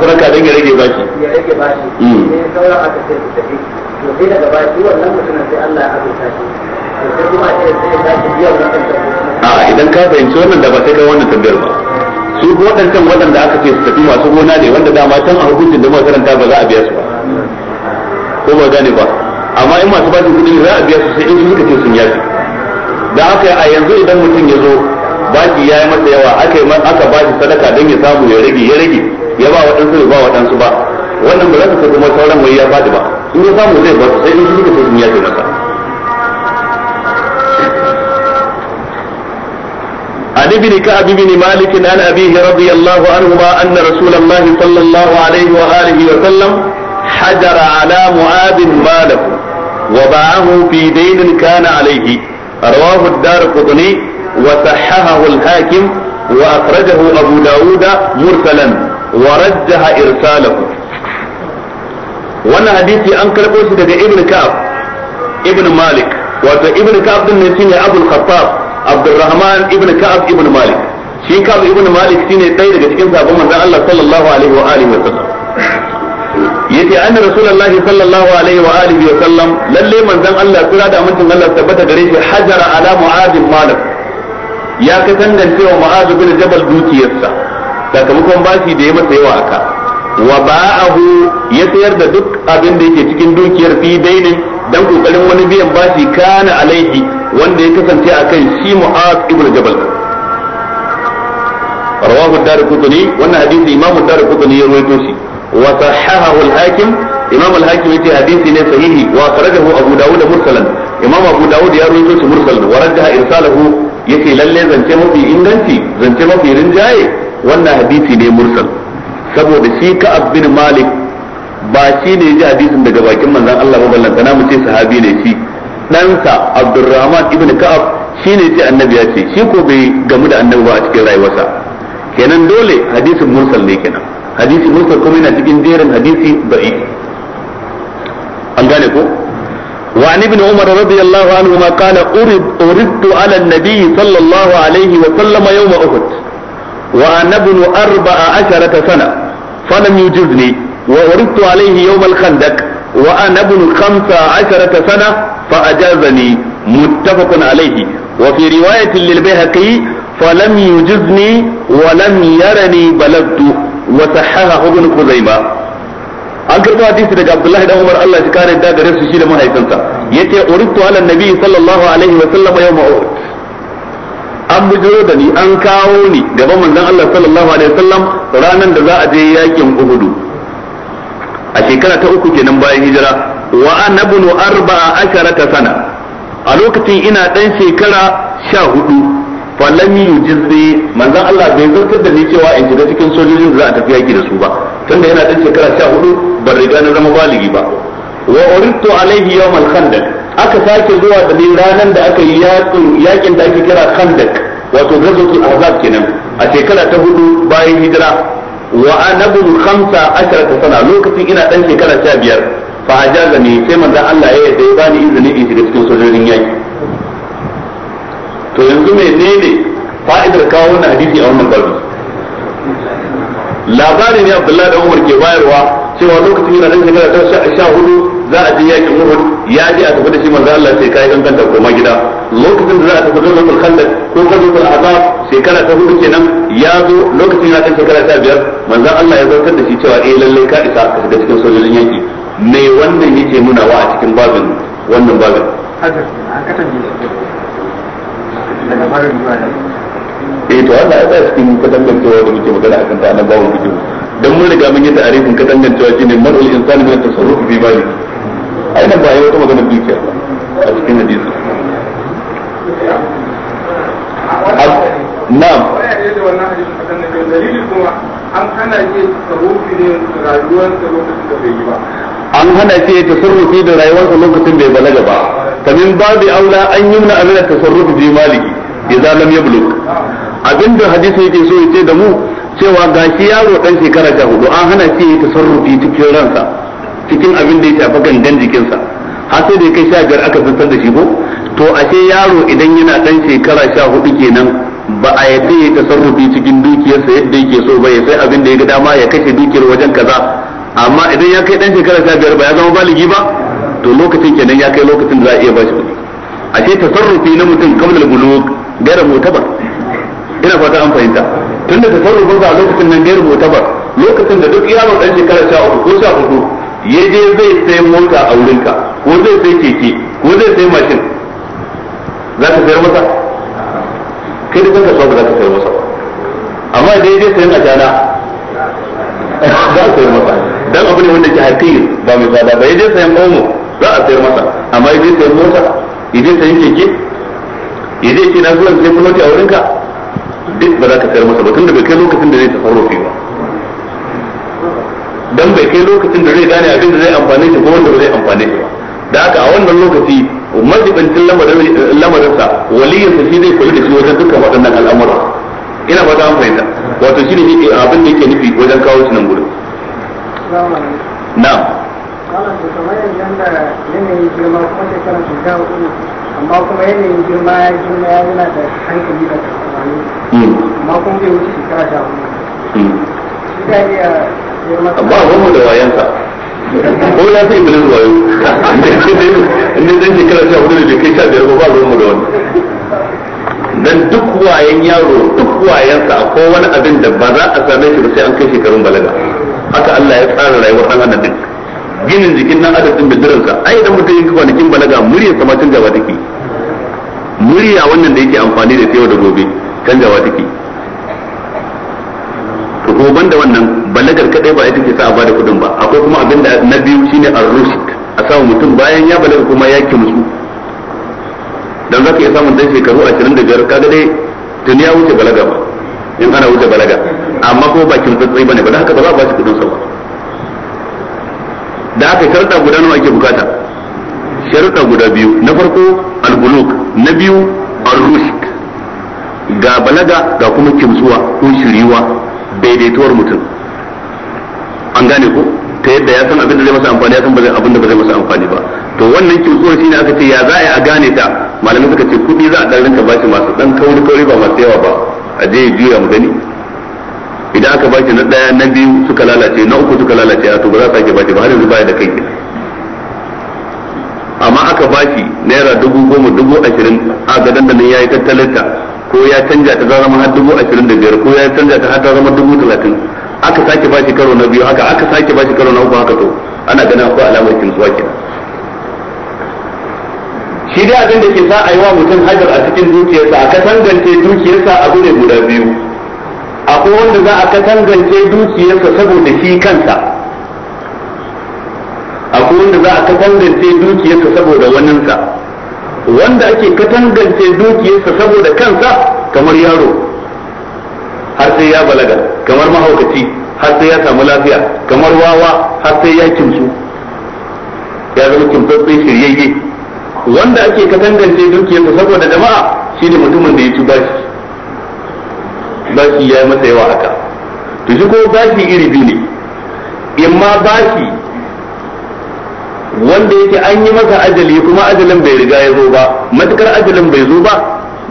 sadaka don ya rage baki mm. a idan ka fahimci wannan da ba sai kai wannan tambayar ba su ko waɗanda aka ce su tafi masu gona wanda dama can a hukuncin da makaranta ba za a biya su ba ko ba gane ba amma in masu ba kuɗi za a biya su sai in suka ce sun yafi da yi a yanzu idan mutum ya zo baki ya yi masa yawa aka yi aka ba shi sadaka don ya samu ya rage ya rage ya ba waɗansu ba waɗansu ba wannan ba za ka kuma sauran wai ya faɗi ba in ya samu zai ba sai in shi suka sun ya masa عن ابن كعب بن مالك عن أبيه رضي الله عنهما أن رسول الله صلى الله عليه وآله وسلم حجر على معاذ ماله وباعه في دين كان عليه رواه الدارقطني وصححه الحاكم وأخرجه أبو داود مرسلا ورجح إرساله wannan hadisi an karɓo shi daga ibn ka'ab ibn malik wato ibn ka'ab din ne shine abul khattab abdurrahman ibn ka'ab ibn malik shi ka'ab ibn malik shine ɗaya daga cikin sahabban manzon Allah sallallahu alaihi wa alihi wa yace anna rasulullahi sallallahu alaihi wa alihi wa sallam lalle manzon Allah kira da mutum Allah tabbata gare shi hajara ala mu'adh malik ya ka tangance wa mu'adh bin jabal dukiyarsa sakamakon bashi da ya masa yawa aka wa ba'ahu ya sayar da duk abin da yake cikin dukiyar fi dainin dan kokarin wani biyan bashi kana alaihi wanda ya kasance akan shi mu'ad ibn jabal rawahu ad kutuni wannan hadisi imamu ad ya rawaito shi wa sahahahu al-hakim imam al-hakim yace hadisi ne sahihi wa akhrajahu abu daud mursalan imam abu daud ya rawaito shi mursal wa raddaha irsalahu yace lallai zance mafi inganci zance mafi rinjaye wannan hadisi ne mursal saboda shi ka'ab bin malik ba shi ne ji hadisin daga bakin manzon Allah ba ballanta na mu ce sahabi ne shi ɗansa Abdurrahman ibn Ka'ab shi ne ce annabi ya ce shi ko bai gamu da annabi ba a cikin rayuwarsa kenan dole hadisin mursal ne kenan hadisi munkar kuma yana cikin jerin hadisi da'if an gane ko وعن ابن عمر رضي الله عنهما قال أرد أردت على النبي صلى الله عليه وسلم يوم أحد وأنا ابن أربع عشرة سنة فلم يجزني وأردت عليه يوم الخندق وأنا ابن خمس عشرة سنة فأجازني متفق عليه وفي رواية للبيهقي فلم يجزني ولم يرني بلغت wa sahahahu ibn an karɓi hadisi daga abdullahi dan umar Allah ya kare da gare su shi da mahaifinsa yace uritu ala nabi sallallahu alaihi wa sallam yawma uhud an bujiro da ni an kawo ni gaban manzon Allah sallallahu alaihi wa sallam ranan da za a je yakin hudu a shekara ta uku kenan bayan hijira wa ana ibn arba'a asharata sana a lokacin ina dan shekara sha hudu falam yujizi manzon Allah bai zartar da ni cewa in shiga cikin sojojin da za a tafi yaki da su ba tunda yana dan shekara hudu ban riga na zama baligi ba wa uritu alaihi yawm al-khandaq aka sake zuwa da ni ranan da aka yi yakin yakin da ake kira khandaq wato ghazwatul ahzab kenan a shekara ta hudu bayan hijira wa ana khamsa asharata sana lokacin ina dan shekara sha biyar fa ajalani sai manzan Allah ya yarda ya bani izini in shiga cikin sojojin yaki to yanzu menene fa'idar kawo wannan hadisi a wannan babu labarin ne Abdullahi da Umar ke bayarwa cewa lokacin yana da shekara ta sha hudu za a je yakin Uhud ya je a tafi da shi manzo Allah sai kai kankanta koma gida lokacin da za a tafi da Zulul Khandaq ko da Azab shekara ta hudu kenan ya zo lokacin yana kan shekara ta biyar manzo Allah ya zartar da shi cewa eh lalle ka isa ka shiga cikin sojojin yaki me wannan yake wa a cikin babin wannan babin eh to Allah ya sa cikin katangancewa da muke magana akan ta annabawa babu fikihu dan mun riga mun yi ta'arifin katangancewa shine mar'ul insani min at-tasarruf fi mali ai nan ba yayi wata magana dukiya a cikin hadisi na'am an hana shi tasarrufi ne rayuwarsa lokacin da bai ba na hana bai balaga ba kamin babu aula an yi mana amina tasarruf bi maliki idza lam yablugh abinda hadisi yake so yace da mu cewa gashi yaro dan shekara ta hudu an hana shi ya tasarrufi cikin ransa cikin abin da ya shafi gangan jikinsa har sai da kai sha biyar aka fitar da shi ko to ashe yaro idan yana dan shekara sha hudu kenan ba a yadda ya tasarrufi cikin dukiyarsa yadda yake so ba ya sai abin da ya ga dama ya kashe dukiyar wajen kaza amma idan ya kai dan shekara sha biyar ba ya zama baligi ba to lokacin kenan ya kai lokacin da za a iya bashi kuɗi ashe tasarrufi na mutum kamar bulug gaira mutabar ina fata an fahimta tun da tasarrufin sa a lokacin nan gaira mutabar lokacin da duk yaron ɗan shekara sha uku ko sha hudu ya je zai sai mota a wurinka ko zai sai keke ko zai sai mashin za ka sayar masa kai da kanka so ba za ka sayar masa amma da ya je sayan ashana za ka sayar masa dan abu ne wanda ke hakiki ba mai tsada ba ya je sayan omo za a sayar masa amma yi zai sayan mota yi zai sayan keke yi zai ce na zuwa sai fuloti a wurinka duk ba za ka sayar masa ba tun da bai kai lokacin da zai fi ba dan bai kai lokacin da zai gane abin da zai amfane shi ko wanda ba zai amfane shi ba da haka a wannan lokaci majibancin lamarinsa waliyinsa shi zai kula da shi wajen dukkan waɗannan al'amura ina ba ta fahimta wato shi ne abin da yake nufi wajen kawo shi nan gurin na'am amma kuma yanayin girma ya girma ya yana da hankali da tsammani kuma wuce shekara sha hudu shi iya girma wani da wayansa ko ya wayo zan shekara sha hudu da kai sha biyar ba da wani dan duk wayan yaro duk wayansa ko wani abin da ba za a same shi ba sai an kai shekarun balaga haka Allah ya tsara rayuwar dan adam ginin jikin nan adadin bidiransa ai idan mutum yake kwanakin balaga murya sama canjawa take murya wannan da yake amfani da yau da gobe canjawa take to goban da wannan balagar kadai ba ita ke sa a bada kudin ba akwai kuma abin da na biyu shine ar a samu mutum bayan ya balaga kuma ya musu. dan zaka iya samun dan shekaru 25 kaga dai tun ya wuce balaga ba in ana wuce balaga amma ko bakin tsatsai bane ba da haka ba za a ba shi kudin sa ba da aka karɗa guda nawa ake bukata sharɗa guda biyu na farko albuluk na biyu arrushk ga balaga ga kuma kimsuwa ko shiriwa daidaituwar mutum an gane ko ta yadda ya san abin da zai masa amfani ya san abin da ba zai masa amfani ba to wannan kimsuwar shine aka ce ya za a gane ta malamai suka ce kuɗi za a ɗan rinka bashi masu ɗan kauri kauri ba masu yawa ba a je ya juya mu gani idan aka baki na daya na biyu suka lalace na uku suka lalace a to ba za ka ke baki ba har yanzu baya da kai amma aka baki naira dubu goma dubu ashirin a ga dandanin ya yi tattalin ta ko ya canja ta zama har dubu ashirin da biyar ko ya canja ta har ta zama dubu talatin aka sake bashi karo na biyu haka aka sake bashi karo na uku haka to ana ganin akwai alamar kinsuwa kenan shi dai abin da ke sa a yi wa mutum hajar a cikin dukiyarsa a kasangance dukiyarsa abu ne guda biyu akwai wanda za a katangance dukiyarsa saboda shi kansa akwai wanda za a katangance dukiyarsa saboda waninsa wanda ake katangance dukiyarsa saboda kansa kamar yaro har sai ya balaga kamar mahaukaci har sai ya samu lafiya kamar wawa har sai ya kimsu ya zama kimtsatsi shiryayye wanda ake katangance dukiyarsa saboda jama'a shine mutumin da ya ci bashi bashi ya yi masa yawa haka to shi ko bashi iri biyu ne in ma bashi wanda yake an yi masa ajali kuma ajalin bai riga ya zo ba matukar ajalin bai zo ba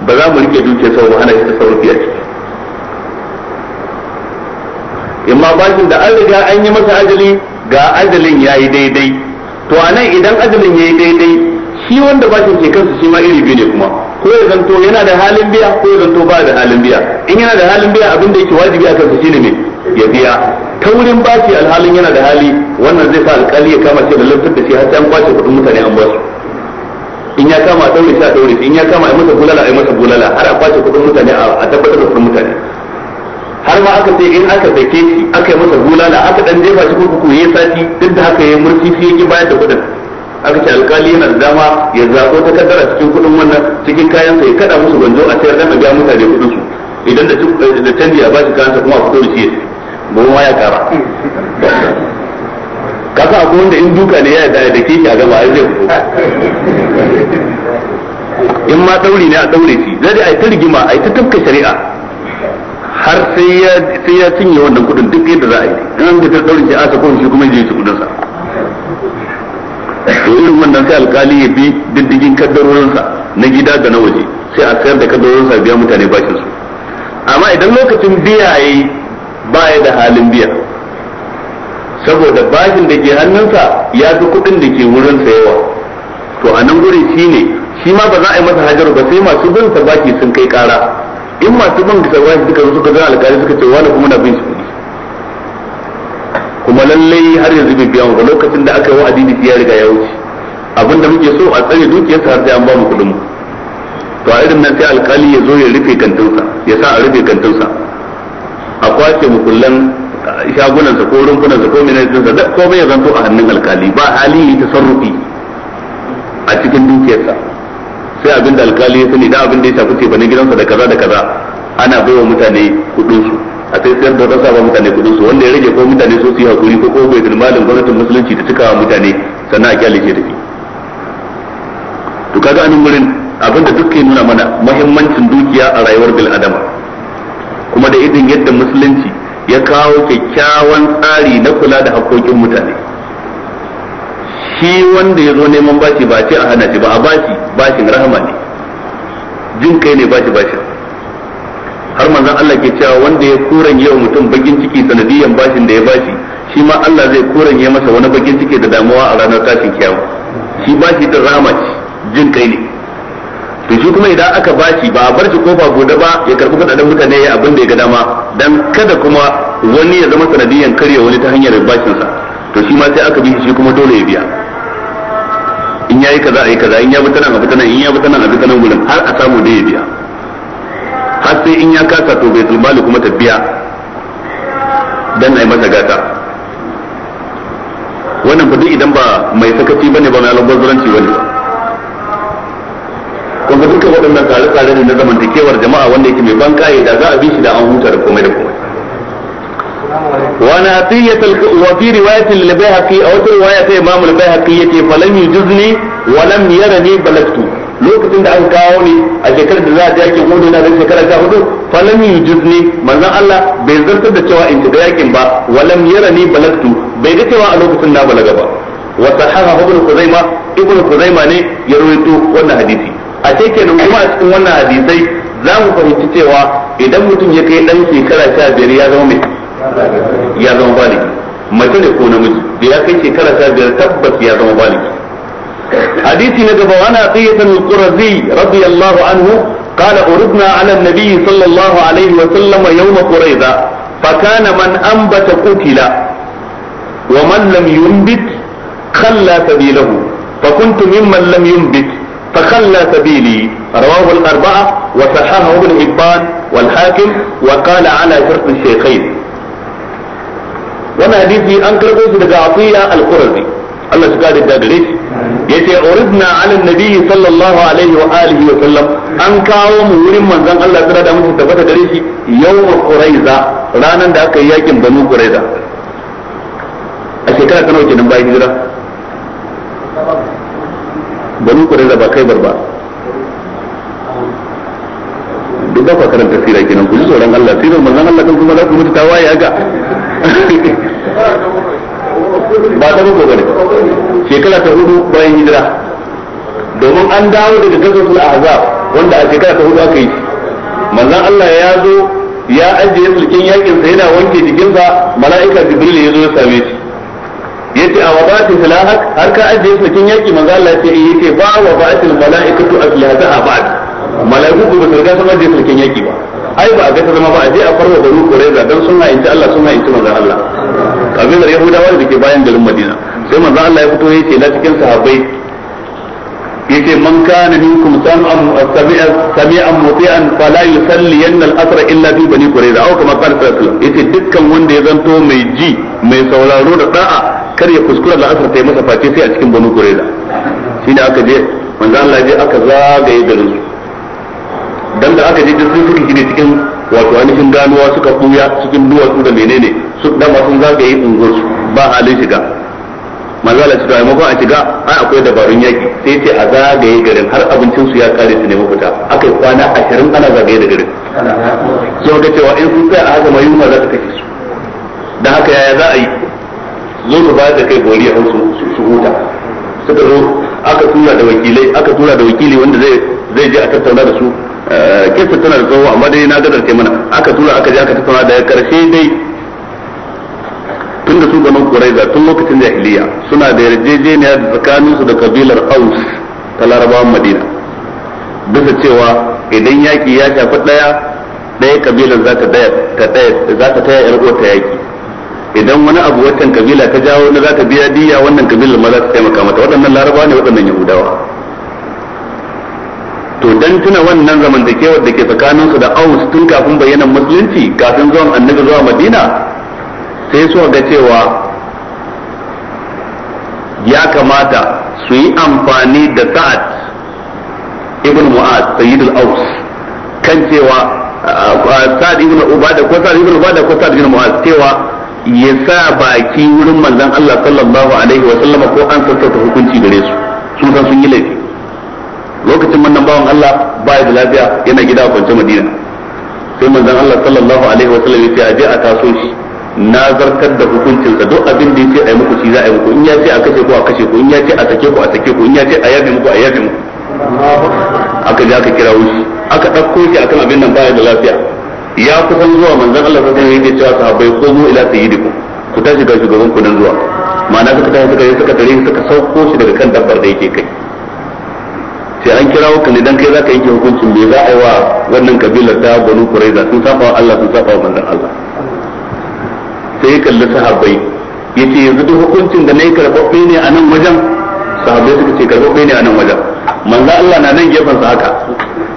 ba za mu rike dukiyar ba ana shi sauri a ciki in ma bashin da an riga an yi masa ajali ga ajalin ya yi daidai to anan idan ajalin ya yi daidai shi wanda ba ke kansa shi ma iri biyu ne kuma ko ya zanto yana da halin biya ko ya zanto ba da halin biya in yana da halin biya abin da yake wajibi a kansa shine ne ya biya ta wurin ba shi alhalin yana da hali wannan zai sa alkali ya kama shi da lantar da shi har sai an kwace kuɗin mutane an ba in ya kama a daure shi a daure in ya kama a masa bulala a masa bulala har a kwace kuɗin mutane a tabbatar da kuɗin mutane har ma aka ce in aka sake shi aka yi masa bulala aka dan jefa shi kurkuku yayi sati duk da haka yi murfi fiye ya ki bayar da kuɗin a rike alkali yana da dama ya zaɓo takaddara cikin kuɗin wannan cikin kayan sa ya kada musu gwanjo a sayar dan a biya mutane kuɗin su idan da eh, da canji a bashi kayan sa kuma a fito da shi ba ma ya kara kasa akwai wanda in duka ne ya yarda da ke shi a gaba a zai fito in ma dauri ne a daure shi zai a yi ta rigima a yi ta tafka shari'a har sai ya cinye wannan kudin duk yadda za a yi in an ta daurin shi a sakon shi kuma je shi kudin sa to irin wannan sai alkali ya bi diddigin kaddarorinsa na gida da na waje sai a sayar da kaddarorinsa biya mutane bakin su amma idan lokacin biya yi baya da halin biya saboda bashin da ke hannunsa ya fi kuɗin da ke wurin yawa to a nan shi ne shi ma ba za a yi masa hajar ba sai masu bin sa baki sun kai kara in masu bin sa baki suka zo suka ga alkali suka ce wani kuma na bin shi kuma lallai har yanzu bai biya mu ba lokacin da aka yi wa'adi da ya riga ya wuce abin da muke so a tsare dukiyarsa har sai an ba mu kudin mu to a irin nan sai alkali ya zo ya rufe kantinsa ya sa a rufe kantinsa a kwace mukullan shagunansa ko rumfunansa ko minatinsa da komai ya zanto a hannun alkali ba hali yi sarrufi a cikin dukiyarsa sai abin da alkali ya sani da abin da ya shafi ce gidansa da kaza da kaza ana baiwa mutane kuɗinsu a sai sayar da rasa ba mutane kudin su wanda ya rage ko mutane so su yi hakuri ko ko bai malin gwamnatin musulunci ta cika mutane sannan a da da tafi to kaga anan gurin abinda duk ya nuna mana mahimmancin dukiya a rayuwar bil'adama kuma da irin yadda musulunci ya kawo kyakkyawan tsari na kula da haƙoƙin mutane shi wanda ya zo neman bashi ba ce a hana ba a bashi bashin rahama ne jin kai ne bashi bashin har manzon Allah ke cewa wanda ya koran yau mutum bakin ciki sanadiyan bashin da ya bashi shi ma Allah zai ya masa wani bakin ciki da damuwa a ranar tashin kiyama shi bashi da rama jin kai ne to shi kuma idan aka bashi ba a bar shi kofa gobe ba ya karbi kudaden mutane ya abin da ya ga dama dan kada kuma wani ya zama sanadiyan karya wani ta hanyar bashin sa to shi ma sai aka bi shi kuma dole ya biya in yayi kaza ai kaza in ya bi tana a bi tanan in ya bi tana ga bi gurin har a samu da ya biya har sai in ya kasa to bai zulmali kuma ta biya dan ai masa gata wannan fa duk idan ba mai sakaci bane ba mai zuranci bane ba kuma duka waɗannan tsare-tsare ne na zamantakewar jama'a wanda yake mai ban da za a bi shi da an huta da komai da komai وعن عطية وفي رواية للبيهقي أو رواية امام البيهقي فلم يجزني ولم يرني بلغته lokacin da aka kawo ni a shekarar da za a ji yakin hudu na zai shekara ta hudu falam ni manzan Allah bai zartar da cewa in shiga yakin ba walam ni balagtu bai da cewa a lokacin na balaga ba wa sahaha ibn kuzaima ibn kuzaima ne ya rawaito wannan hadisi a teke kenan kuma a cikin wannan hadisai za mu fahimci cewa idan mutum ya kai dan shekara sha biyar ya zama mai ya zama baliki mace ne ko namiji da ya kai shekara sha biyar tabbas ya zama baliki حديث نجب عن عطية القرزي رضي الله عنه قال أردنا على النبي صلى الله عليه وسلم يوم قريظة فكان من أنبت قتل ومن لم ينبت خلى سبيله فكنت ممن لم ينبت فخلى سبيلي رواه الأربعة وصححه ابن حبان والحاكم وقال على شرط الشيخين وانا حديثي أنكر daga القرزي Allah shi kare da gare shi yace uridna ala nabi sallallahu alaihi wa alihi wa sallam an kawo mu wurin manzon Allah tsira da mutum tabbata gare shi wa quraiza ranan da aka yi yakin banu quraiza a shekara ta nawa kenan bayan hijira banu quraiza ba kai barba duk ba karanta tsira kenan ku ji tsoron Allah sai manzon Allah kan kuma za ku mutu tawaye ga *laughs* ba ta bakwai bane shekara ta hudu bayan hijira domin an dawo daga gazatul azab wanda a shekara ta hudu aka yi manzon Allah ya zo ya ajiye sulkin yakin sa yana wanke jikinsa mala'ika jibril ya zo ya same shi yace a wabati salahak har ka ajiye sulkin yaki manzon Allah ce eh, yace ba wa batil mala'ikatu aslihata ba mala'iku ba su riga sun ajiye sulkin yaki ba ai ba a ga ta zama ba a je a farwa banu qurayza dan sun haici Allah sun haici manzon Allah da yahudawa da ke bayan garin madina sai manzon Allah ya fito ya ce la cikin sahabbai yace man kana minkum sam'an sami'a sami'an muti'an fala yusalliyanna al-asr illa bi bani qurayza aw kama qala sallallahu yace dukkan wanda ya zanto mai ji mai sauraro da da'a kar ya kuskura da ta yi masa face sai a cikin bani qurayza shine aka je manzon Allah ya je aka zagaye garin su dan da aka je da sun suka gine cikin wato ainihin ganuwa suka buya cikin duwatsu da menene su dama sun zagaye unguwar su ba halin shiga manzo Allah cewa maimakon a shiga ai akwai dabarun yaki sai ce a zagaye garin har abincin su ya kare su ne mafita akai kwana 20 ana zagaye da garin sai ga cewa in sun tsaya a haka mai yunwa za ta kashe su da haka yaya za a yi zo su bayar da kai gori a su su huta suka zo aka tura da wakilai aka tura da wakili wanda zai zai je a tattauna da su Eh, kisa tana da tsawo amma dai na gadar darke mana aka tura aka je aka tattauna da karshe dai tun da su ganin kuraiza tun lokacin jahiliya suna da yarjejeniya da tsakanin su da kabilar aus ta larabawan madina bisa cewa idan yaki ya shafi daya daya kabilar za ta daya ta daya za ta taya yar ta yaki idan wani abu wancan kabila ta jawo na za ta biya diya wannan kabilar ma za ta taimaka mata waɗannan larabawa ne waɗannan yahudawa to dan tuna wannan zamantakewar da ke tsakanin su da Aus tun kafin bayyanan musulunci kafin zuwan annabi zuwa Madina sai su ga cewa ya kamata su yi amfani da Sa'ad ibn Mu'az sayyidul Aus kan cewa Sa'ad ibn Ubada ko Sa'ad ibn Ubada ko Sa'ad ibn mu'ad cewa ya sa baki wurin manzon Allah sallallahu alaihi wa sallama ko an sassauta hukunci gare su sun san sun yi laifi lokacin wannan bawan Allah baya da lafiya yana gida kwance Madina sai manzon Allah sallallahu alaihi wa sallam yace aje a taso shi na zartar da hukuncin sa duk abin da yake ai muku shi za a yi muku in ya ce a kashe ku a kashe ku in ya ce a sake ku a sake ku in ya ce a yabe muku a yabe muku aka je aka kira shi aka dauko shi akan abin nan baya da lafiya ya kusan zuwa manzon Allah sallallahu alaihi wa sallam yake cewa sahabbai ko zo ila sayyidikum ku tashi ga shugaban ku nan zuwa ma'ana suka tashi suka yi suka tare suka sauko shi daga kan dabbar da yake kai sai an kira ka ne dan kai zaka yanke hukuncin bai za a yi wa wannan kabilar ta banu kuraiza sun saba Allah sun saba manzon Allah sai kalli sahabbai yace yanzu duk hukuncin da nayi karbabbe ne a nan wajen sahabbai suka ce karbabbe ne a nan wajen manzon Allah na nan gefen sa haka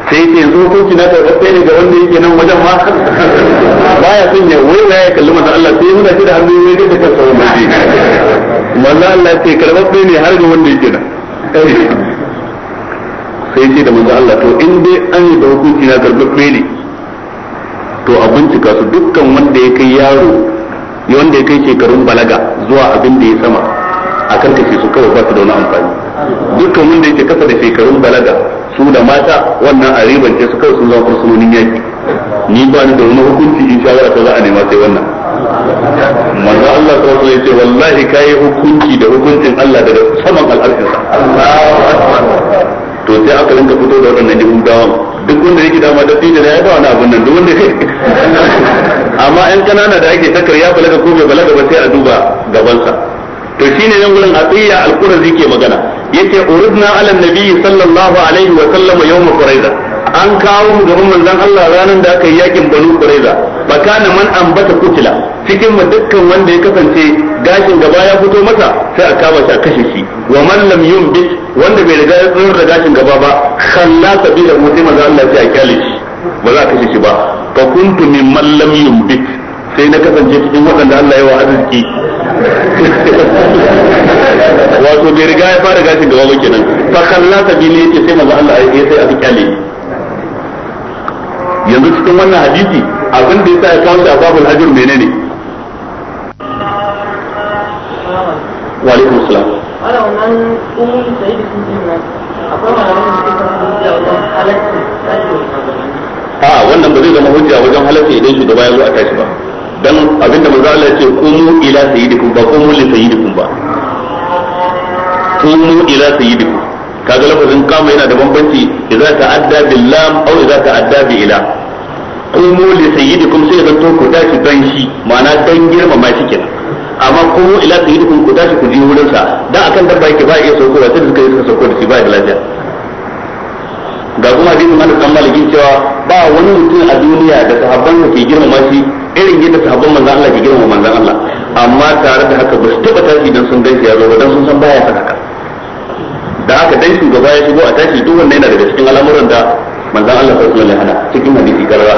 sai yace yanzu hukunci na karbabbe ne ga wanda yake nan wajen ma *laughs* baya son ya wai ya kalli manzon Allah sai muna shi da hannu ya da ta kansa wannan manzon Allah ya ce karbabbe ne har ga wanda yake nan sai ce da manzo Allah to in dai an yi da hukunci na karɓaɓɓe ne to a bincika su dukkan wanda ya kai yaro wanda ya kai shekarun balaga zuwa abin da ya sama a kan kashe su kawai ba su da wani amfani dukkan wanda yake kasa da shekarun balaga su da mata wannan a ribance su kawai sun zama fursunonin yaki ni ba ni da wani hukunci in sha ta za a nema sai wannan manzo Allah ta wasu ya ce wallahi kai hukunci da hukuncin Allah daga saman al'arshinsa to sai aka rinka fito da waɗannan yahudawan duk wanda yake dama da tije da ya ba wani abun nan duk wanda amma ɗan kanana da ake takar ya balaga ko bai balaga ba sai a duba gabansa to shine nan gurin atiya al-qurazi ke magana yace urudna ala nabi sallallahu alaihi wa sallam yawm quraiza an kawo mu gaban manzon Allah ranar da aka yi yakin banu quraiza bakana man ambata kutila cikin mu dukkan wanda ya kasance gashin gaba ya fito masa sai a kama shi a kashe shi wa man lam yunbit wanda bai riga ya tsoro da gashin gaba ba khalla sabila mutai manzo Allah ya kyale shi ba za ka shi ba fa kuntu man lam yunbit sai na kasance cikin wanda Allah ya wa arziki *laughs* wato bai riga ya fara gashin gaba ba kenan fa khalla sabila yace sai manzo Allah ya sai aka kyale yanzu cikin wannan hadisi abin da yasa ya kawo da babul hajr menene wa alaikum salam wala wannan umul sayyid sun ji nan akwai malaman da suka san hujja wajen halatta a wannan ba zai zama hujja wajen halatta idan shugaba ya zo a tashi ba dan abinda manzo Allah ya ce kumu ila sayyidikum ba kumu li sayyidikum ba kumu ila sayyidikum kaga lafazin kama yana da bambanci idza ta'adda bil lam aw idza ta'adda bi ila kumu li sayyidikum sai ya to ku dace dan shi ma'ana dan ma shi kenan amma komo ila sayyidikum ku tashi ku je wurin sa dan akan dabba yake ba iya saukowa sai suka yi suka sauko da shi ba da lafiya ga kuma din mana dan malikin cewa ba wani mutum a duniya da sahabban ke ma shi irin yadda sahabban manzon Allah ke girmama manzon Allah amma tare da haka ba su taba tashi dan sun gaishe ya ba dan sun san baya haka da haka dai shugaba ya shigo a tashi duk wanda yana daga cikin al'amuran da manzon Allah sallallahu alaihi wasallam cikin hadisi karara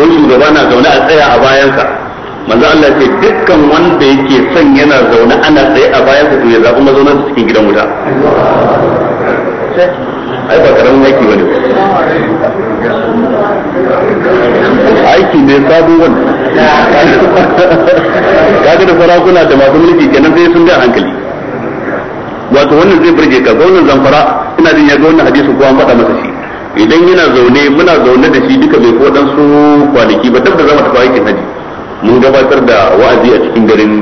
ko shugaba na zaune a tsaya a bayansa manzo Allah ce dukkan wanda yake son yana zaune ana tsaye a bayan su to ya zabi mazaunan su cikin gidan wuta ai ba karamin aiki bane aiki ne sabo wannan kaga da sarakuna da masu mulki kenan sai sun da hankali wato wannan zai burge ka gwamnan zamfara ina jin ya ga wannan hadisin ko an faɗa masa shi idan yana zaune muna zaune da shi duka bai ko dan su kwanaki ba tabbata zama tafi aikin haji mun gabatar da wa'azi a cikin garin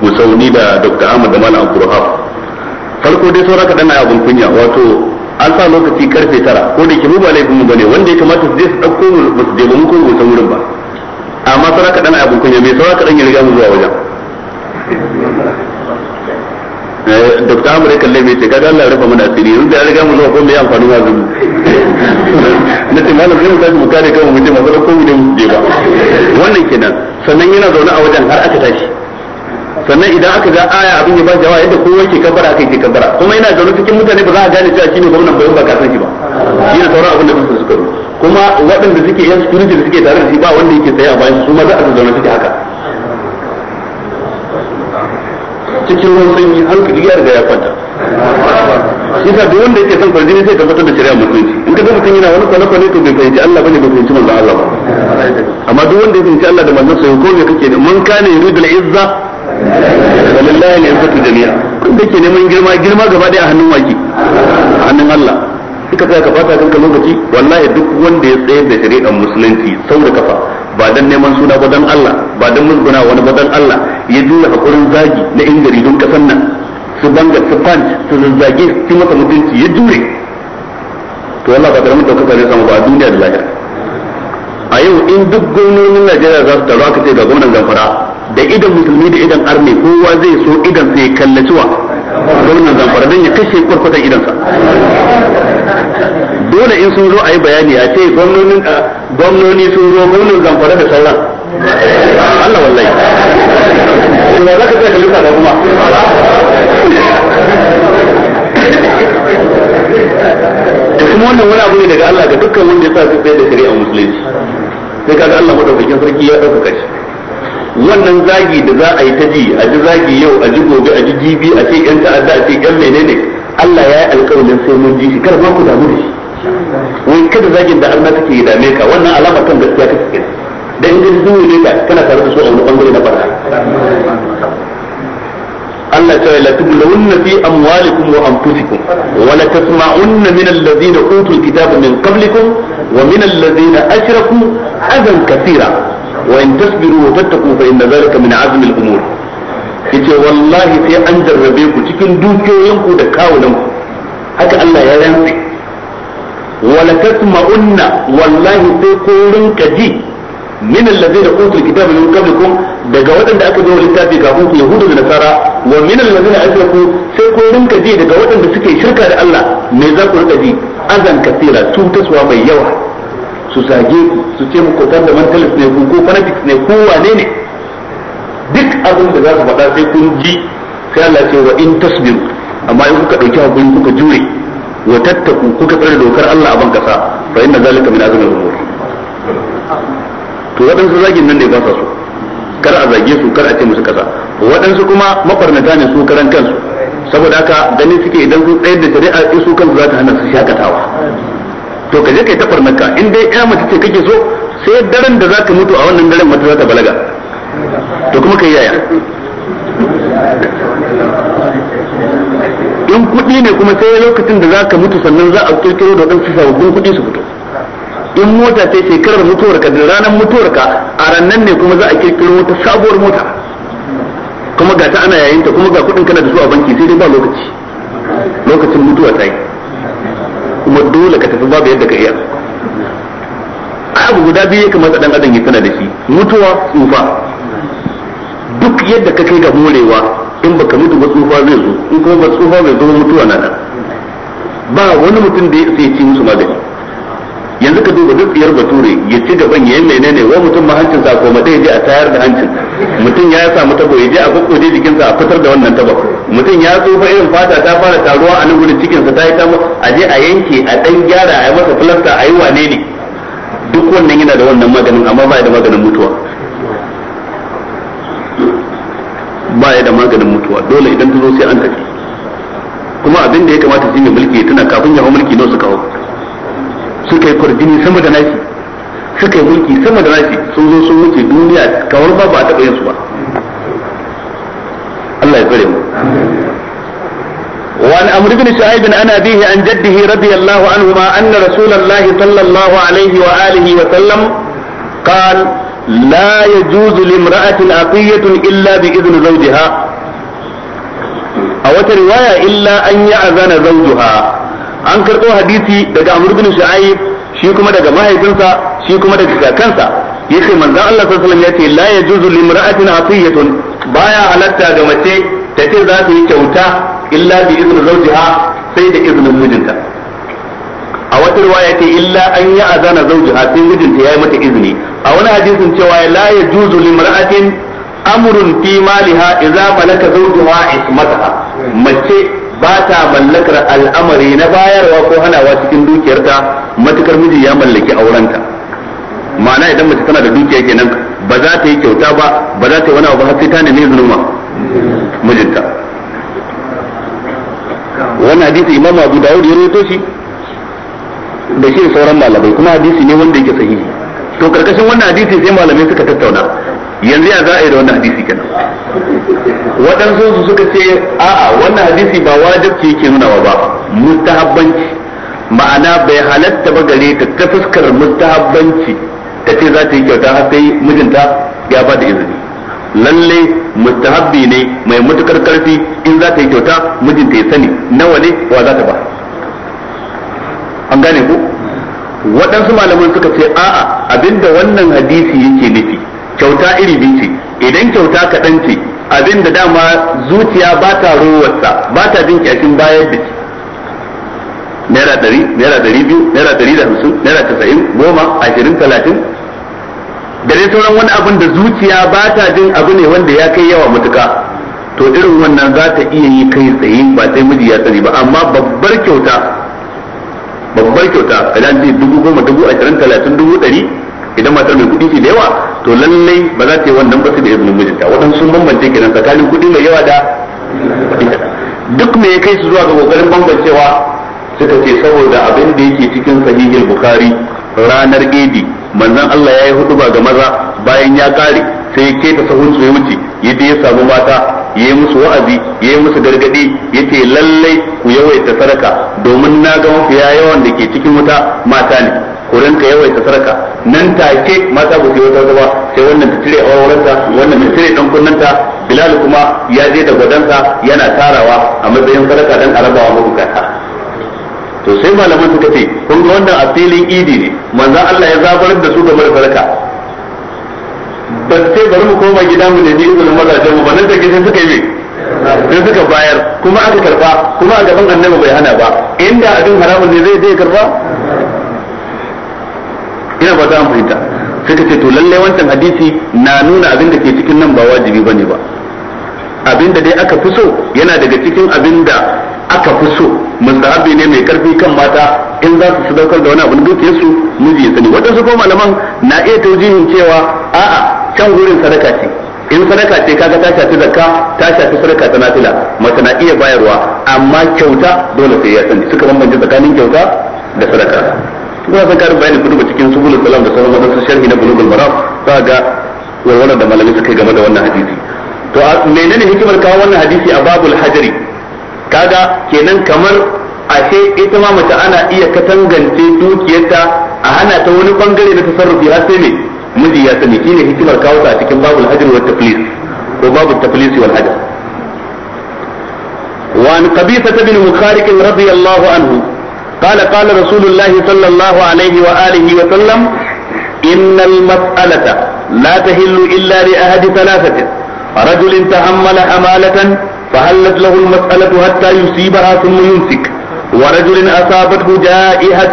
musauni da dr ahmad da malam abdulhab farko dai sauran kaɗan na abin kunya wato an sa lokaci karfe tara ko da ke mu ba laifin mu bane wanda ya kamata su je su ɗauko mu ba su je ba mu ko mu san wurin ba amma sauran kaɗan na abin kunya mai saura kaɗan ya riga mu zuwa wajen Eh, dokta amurka kalle mai ce kaga Allah rufa mana asiri yanzu da ya riga mu zuwa ko mai amfani ma zuwa na ce malam zai mu tashi mu kare kanmu mu je masu ko mu je mu je ba wannan kenan sannan yana zaune a wajen har aka tashi sannan idan aka ga aya abin ya ba jawa yadda kowa ke kabara kai ke kabara kuma yana zaune cikin mutane ba za a gane cewa shine gwamnan bayan ba ka san shi ba shi ne sauran abin da su suka kuma waɗanda suke yan security da suke tare da shi ba wanda yake tsaye a bayan su ma za a zaune suke haka cikin ruwan sanyi hankali ya riga ya kwanta yasa duk wanda yake son ne sai tabbatar da shari'a musulunci in ka ga mutum yana wani kwana kwana to bai fahimci Allah bane bai fahimci manzon Allah ba amma duk wanda ya fahimci Allah da manzon sa ko me kake da man kana yuridu al-izza walillahi al-izzatu jami'a kun da ke neman girma girma gaba daya a hannun waki a hannun Allah suka tsaya ka bata kanka lokaci wallahi duk wanda ya tsayar da shari'ar musulunci sau da kafa ba dan neman suna ba dan Allah ba dan musguna wani ba dan Allah ya jure hakurin zagi na in jaridun kasan nan su banga su punch su zage su masa mutunci ya jure to Allah ba karamin daukaka zai samu ba a duniya da lahira a yau in duk gwamnonin Najeriya za su taru aka ce ga gwamnan Zamfara da idan musulmi da idan arme kowa zai so idan sai kallaciwa gwamnan zamfara don ya kashe kurkutan idansa dole in sun zo a yi bayani a ce gwamnoni sun zamfara da sauran Allah wallahi ba za ka da kuma kuma wannan wani abu ne daga Allah ga dukkan wanda ya sa su tsaye da shari'a musulunci sai kaga Allah madaukakin sarki ya ɗaukaka kashi wannan zagi da za a yi ta ji a ji zagi yau a ji gobe a ji jibi a ce yan ta'adda a ce yan menene Allah ya yi alƙawarin sai mun ji shi kar ba ku damu da shi wai kada zagin da Allah take yi dame ka wannan alama kan gaskiya kake kenan da in ji zuwa ne ka kana tare da su a wani bangare na barka Allah ta la Wannan fi amwalikum wa anfusikum wa la tasma'unna min alladhina utul kitaba min qablikum wa min alladhina ashraku adan kathira wa in tasbiru wa tattaqu fa inna zalika min azmi al-umur yace wallahi sai an jarrabe ku cikin dukiyoyin ku da kawunan ku haka Allah ya rantsi wala tasma'unna wallahi sai ko rinka ji min allazina utul kitaba min qablikum daga waɗanda aka zo littafi kafin ku yahudu da nasara wa min allazina ashraku sai ko rinka ji daga waɗanda suke shirka da Allah me za ku rinka ji azan kasira tutaswa mai yawa su zage ku su ce muku fundamentalist ne ku ko fanatics ne ku wane ne duk abin da za su faɗa sai kun ji sai Allah ce wa in tasbiru amma in kuka dauki hakuri kuka jure wa tattaku kuka tsare dokar Allah a ban kasa fa inna zalika min azmil umur to wadansu zagin nan ne ba sa so kar a zage su kar a ce musu kaza waɗansu kuma mafarnata ne su karan kansu saboda haka gani suke idan su tsayar da shari'a su kansu za ta hana su shakatawa to ka je kai ta farnaka in dai ya mace ce kake so sai daren da za ka mutu a wannan daren mata za ta balaga to kuma kai yaya in kuɗi ne kuma sai lokacin da za ka mutu sannan za a kirkiro da wadansu sababbin kuɗi su fito in mota sai shekarar mutuwar ka da ranar mutuwar ka a rannan ne kuma za a kirkiro wata sabuwar mota kuma ga ta ana yayin ta kuma ga kuɗin kana da su a banki sai dai ba lokaci lokacin mutuwa ta yi kuma dole ka tafi babu yadda ka iya abu guda biyu ya kamata dan adam ya tana da shi mutuwa tsufa duk yadda ka kai ga morewa in baka mutu ba tsufa zai zo in kuma ba tsufa bai zo mutuwa na nan ba wani mutum da ya sai ci musu magani yanzu ka duba duk biyar bature ya ci gaban ya yi menene wa mutum ma hancin sa ko ma dai je a tayar da hancin mutum ya samu tabo ya je a kokkoje jikinsa a fitar da wannan tabo mutum ya tsufa irin fata ta fara taruwa a nan gudun cikinsa ta yi ta a je a yanke a ɗan gyara a yi masa filasta a yi wane ne duk wannan yana da wannan maganin amma ba da maganin mutuwa ba ya da maganin mutuwa dole idan ta zo sai an tafi kuma abin da ya kamata shi ne mulki ya tuna kafin ya mulki nawa suka hau suka yi kwarjini sama da nashi suka yi mulki sama da nashi sun zo sun wuce duniya kawar ba ba a taɓa yin su ba Allah ya tsare mu وعن عمرو بن شعيب عن أبيه عن جده رضي الله عنهما أن رسول الله صلى الله عليه وآله وسلم قال لا يجوز لامرأة عقية إلا بإذن زوجها أو رواية إلا أن يأذن زوجها an karɓo hadisi daga Amr bin Shu'aib shi kuma daga mahaifinsa shi kuma daga kakansa yace manzon Allah sallallahu alaihi wasallam yace la yajuzu limra'atin atiyatun baya halatta da mace ta ce za ta yi kyauta illa bi izni zawjiha sai da izinin mijinta a wata riwaya ce illa an yi azana zawjiha sai mijinta yayi mata izini a wani hadisin cewa la yajuzu limra'atin amrun fi maliha idza malaka zawjuha ismataha mace ba ta mallakar al'amari na bayarwa ko hanawa cikin dukiyarta matukar miji ya mallaki aurenta ma'ana idan mace tana da dukiya kenan ba za ta yi kyauta ba ba za ta yi wani abu har sai ta nemi izinin ma mijinta wannan hadisi imam abu dawud ya rawaito shi da shi sauran malamai kuma hadisi ne wanda yake sahihi to karkashin wannan hadisi sai malamai suka tattauna yanzu ya za a yi da wannan hadisi kenan waɗansu su suka ce a'a wannan hadisi ba wajibci yake nunawa ba mustahabbanci ma'ana bai halatta ba gare ta ta fuskar mustahabbanci ta ce za ta yi kyauta har sai mijinta ya ba da izini lalle mustahabbi ne mai matukar karfi in za ta yi kyauta mijinta ya sani nawa ne wa za ta ba an gane ku waɗansu malaman suka ce a'a abinda wannan hadisi yake nufi kyauta iri biyu ce idan kyauta kaɗan ce abinda dama zuciya ba ta rowarsa ba ta jin kyashin bayar da naira ɗari naira ɗari biyu naira ɗari da hamsin naira tasa'in goma ashirin talatin da dai sauran wani abin da zuciya ba ta jin abu ne wanda ya kai yawa mutuka to irin wannan za ta iya yi kai tsaye ba sai miji ya sani ba amma babbar kyauta babbar kyauta idan ce dubu goma dubu ashirin talatin dubu ɗari idan matar mai kuɗi ce da yawa to lallai ba za ta yi wannan ba su da izinin mijinta waɗansu sun bambance kenan tsakanin kuɗi mai yawa da duk me ya kai su zuwa ga kokarin bambancewa suka ce saboda abin da yake cikin sahihul bukhari ranar idi manzan Allah ya yi hudu ba ga maza bayan ya kare sai ya keta sahun su ya wuce ya je ya samu mata ya yi musu wa'azi ya yi musu gargadi ya ce lallai ku yawaita saraka domin na ga mafiya yawan da ke cikin wuta mata ne ku rinka yawaita saraka nan take mata ba su yi wata ba sai wannan ta cire aurenta wannan ta cire dan kunnanta bilal kuma ya je da gwadanta yana tarawa a matsayin saraka dan arabawa mabukata to sai malaman suka ce kun ga wannan a filin idi ne manzo Allah ya zabar da su ga barka ba sai bari mu koma gida mu nemi izinin mazajen mu ba nan da gidan suka yi sai suka bayar kuma aka karba kuma a gaban annabi bai hana ba inda abin haramun ne zai zai karba ina ba za mu fahimta suka ce to lallai wancan hadisi na nuna abin da ke cikin nan ba wajibi bane ba abin da dai aka fi so yana daga cikin abin da aka fi so mustahabi ne mai karfi kan mata in za su sadaukar da wani abin ke su miji ya sani wadansu ko malaman na iya taujihin cewa a'a can gurin sadaka ce in sadaka ce kaga ta shafi zakka ta shafi sadaka ta nafila mace na iya bayarwa amma kyauta dole sai ya sani suka bambance tsakanin kyauta da sadaka kuma san karin bayani ku duba cikin subulul salam da sauran wadansu sharhi na bulugul maram za ga warwarar da malami suka yi game da wannan hadisi to menene hikimar kawo wannan hadisi a babul hajari kaga kenan kamar ashe ita ma mace ana iya katangance dukiyarta a hana ta wani bangare na tasarrufi har sai ne miji ya sani shine hikimar kawo ta a cikin babul hajr wa taflis ko babul taflis wal hajr وعن قبيصة بن مخارق رضي الله عنه قال قال رسول الله صلى الله عليه وآله وسلم إن المسألة لا تهل إلا لأحد ثلاثة رجل تحمل حمالة فحلت له المسألة حتى يصيبها ثم يمسك ورجل أصابته جائحة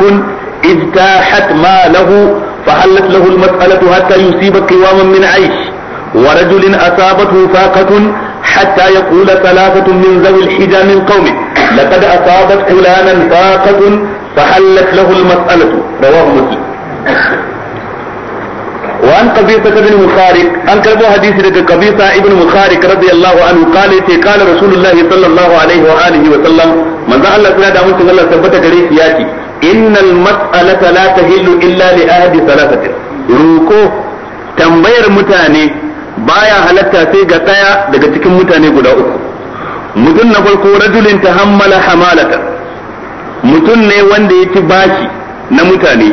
اجتاحت ماله فحلت له المسألة حتى يصيب قواما من عيش ورجل أصابته فاقة حتى يقول ثلاثة من ذوي الحجى من قومه لقد أصابت فلانا فاقة فحلت له المسألة رواه مسلم وعن قبيصة بن مخارق أن كربو حديث لك قبيصة ابن مخارق رضي الله عنه قال قال رسول الله صلى الله عليه وآله وسلم من ذا الله سنادى من الله ثبت قريب ياتي إن المسألة لا تهل إلا لأهد ثلاثة روكو تنبير متاني بايا halatta sai ga tsaya daga cikin mutane guda uku mutum na farko rajulin ta hammala hamalata mutum ne wanda ya na mutane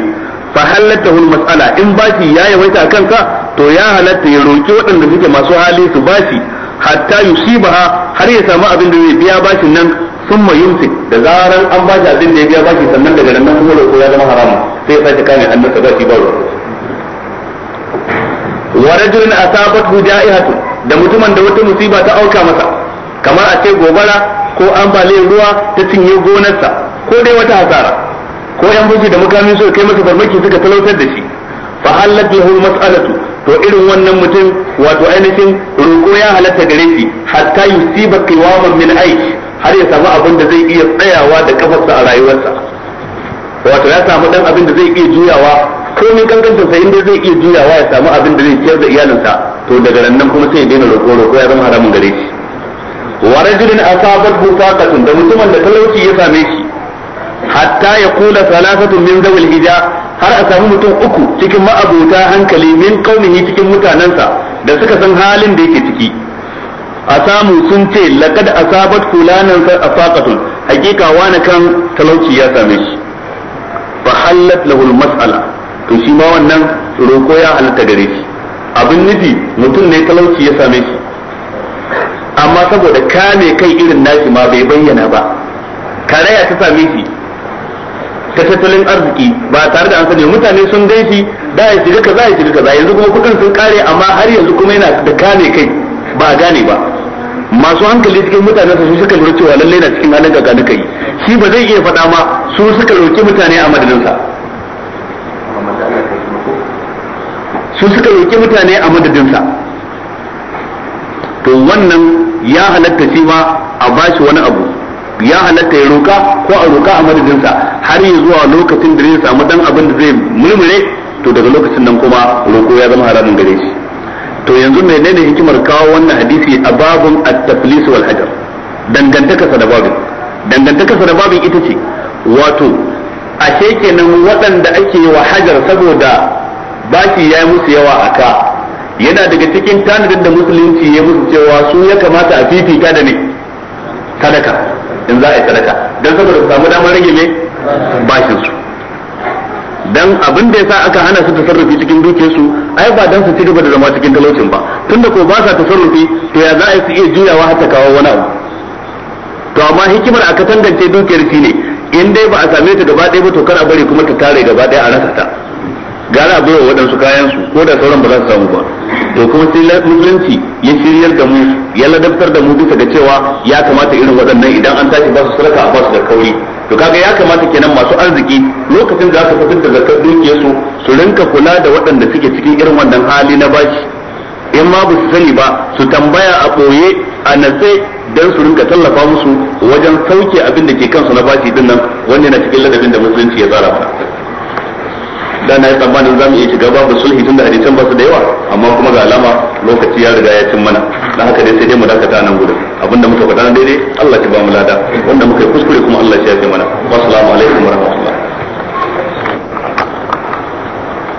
fa halatta hul mas'ala in bashi ya yawaita kanka to ya halatta ya roki waɗanda suke masu hali su bashi hatta yusibaha har ya samu abin da zai biya bashin nan sun yumsi da zaran an bashi abin da ya biya bashi sannan daga nan kuma roko ya zama haram sai ya sake kame hannunsa bashi ba ruwa wa rajulun asabathu ja'ihatu da mutumin da wata musiba ta auka masa kamar a ce gobara ko ambaliyar ruwa ta cinye gonarsa ko dai wata hasara ko yan bugi da mukamin suka kai masa farmaki suka talautar da shi fa halat lahu mas'alatu to irin wannan mutum wato ainihin roko ya halatta gare shi hatta yusiba qiwaman min aish har ya samu abin da zai iya tsayawa da kafarsa a rayuwarsa wato ya samu dan abin da zai iya juyawa Ko min kankanta sai inda zai iya juyawa ya samu abin da zai ciyar da iyalinsa to daga nan kuma sai ya daina roko roko ya zama haramun gare shi wa rajulin asabat busaqatun da mutumin da talauci ya same shi hatta ya kula salasatun min zawil hija har a samu mutum uku cikin ma'abuta hankali min kaumihi cikin mutanensa da suka san halin da yake ciki a samu sun ce laqad asabat fulanan afaqatun hakika wani kan talauci ya same shi fa hallat lahu mas'ala to shi ma wannan roko ya halatta gare shi abin nufi mutum ne talauci ya same shi amma saboda kame kai irin nashi ma bai bayyana ba karaya ta same shi ta tattalin arziki ba tare da an sani mutane sun dai shi da ya shiga kaza ya shiga kaza yanzu kuma kudin sun kare amma har yanzu kuma yana da kame kai ba gane ba masu hankali cikin mutane su suka lura cewa lallai na cikin halin gaga kai shi ba zai iya faɗa ma su suka roki mutane a madadinsa su suka roki mutane a madadinsa to wannan ya halatta shi ma a bashi wani abu ya halatta ya roka ko a roka a madadinsa har ya zuwa lokacin da zai samu dan abin da zai mulmure to daga lokacin nan kuma roko ya zama haramun gare shi to yanzu menene hikimar kawo wannan hadisi a babun at-taflis wal hajar da babin da babin ita ce wato ashe kenan waɗanda ake yi wa hajar saboda baki ya yi musu yawa a ka yana daga cikin tanadin da musulunci ya musu cewa su ya kamata a fifita da ne sadaka in za a yi sadaka don saboda ku samu damar rage mai bashin su dan abin da yasa aka hana su tasarrufi cikin dukiyar su ai ba dan su ci gaba da zama cikin talaucin ba tunda ko ba sa tasarrufi to ya za a su iya juyawa har ta kawo wani abu to amma hikimar aka tangance dukiyar shine in dai ba a same ta gaba ɗaya ba to kar a bari kuma ta tare gaba ɗaya a rasa ta gara a baiwa waɗansu kayan su ko da sauran ba za su samu ba to kuma sai musulunci ya shiryar da mu ya ladabtar da mu bisa ga cewa ya kamata irin waɗannan idan an tashi ba su a basu su da kauri to kaga ya kamata kenan masu arziki lokacin da aka fitar da zakar dukiyarsu su rinka kula da waɗanda suke cikin irin wannan hali na bashi in ma ba su sani ba su tambaya a ɓoye a natse don su rinka tallafa musu wajen sauke abin da ke kansu na bashi din nan wanda na cikin ladabin da musulunci ya tsara da na yi tsammanin za mu iya shiga babu sulhi tun da hadisan ba su da yawa amma kuma ga alama lokaci ya riga ya cin mana na haka dai sai dai mu dakata nan gudun abinda muka faɗa daidai Allah ya ba mu lada wanda muka yi kuskure kuma Allah ya yi mana assalamu alaikum wa rahmatullah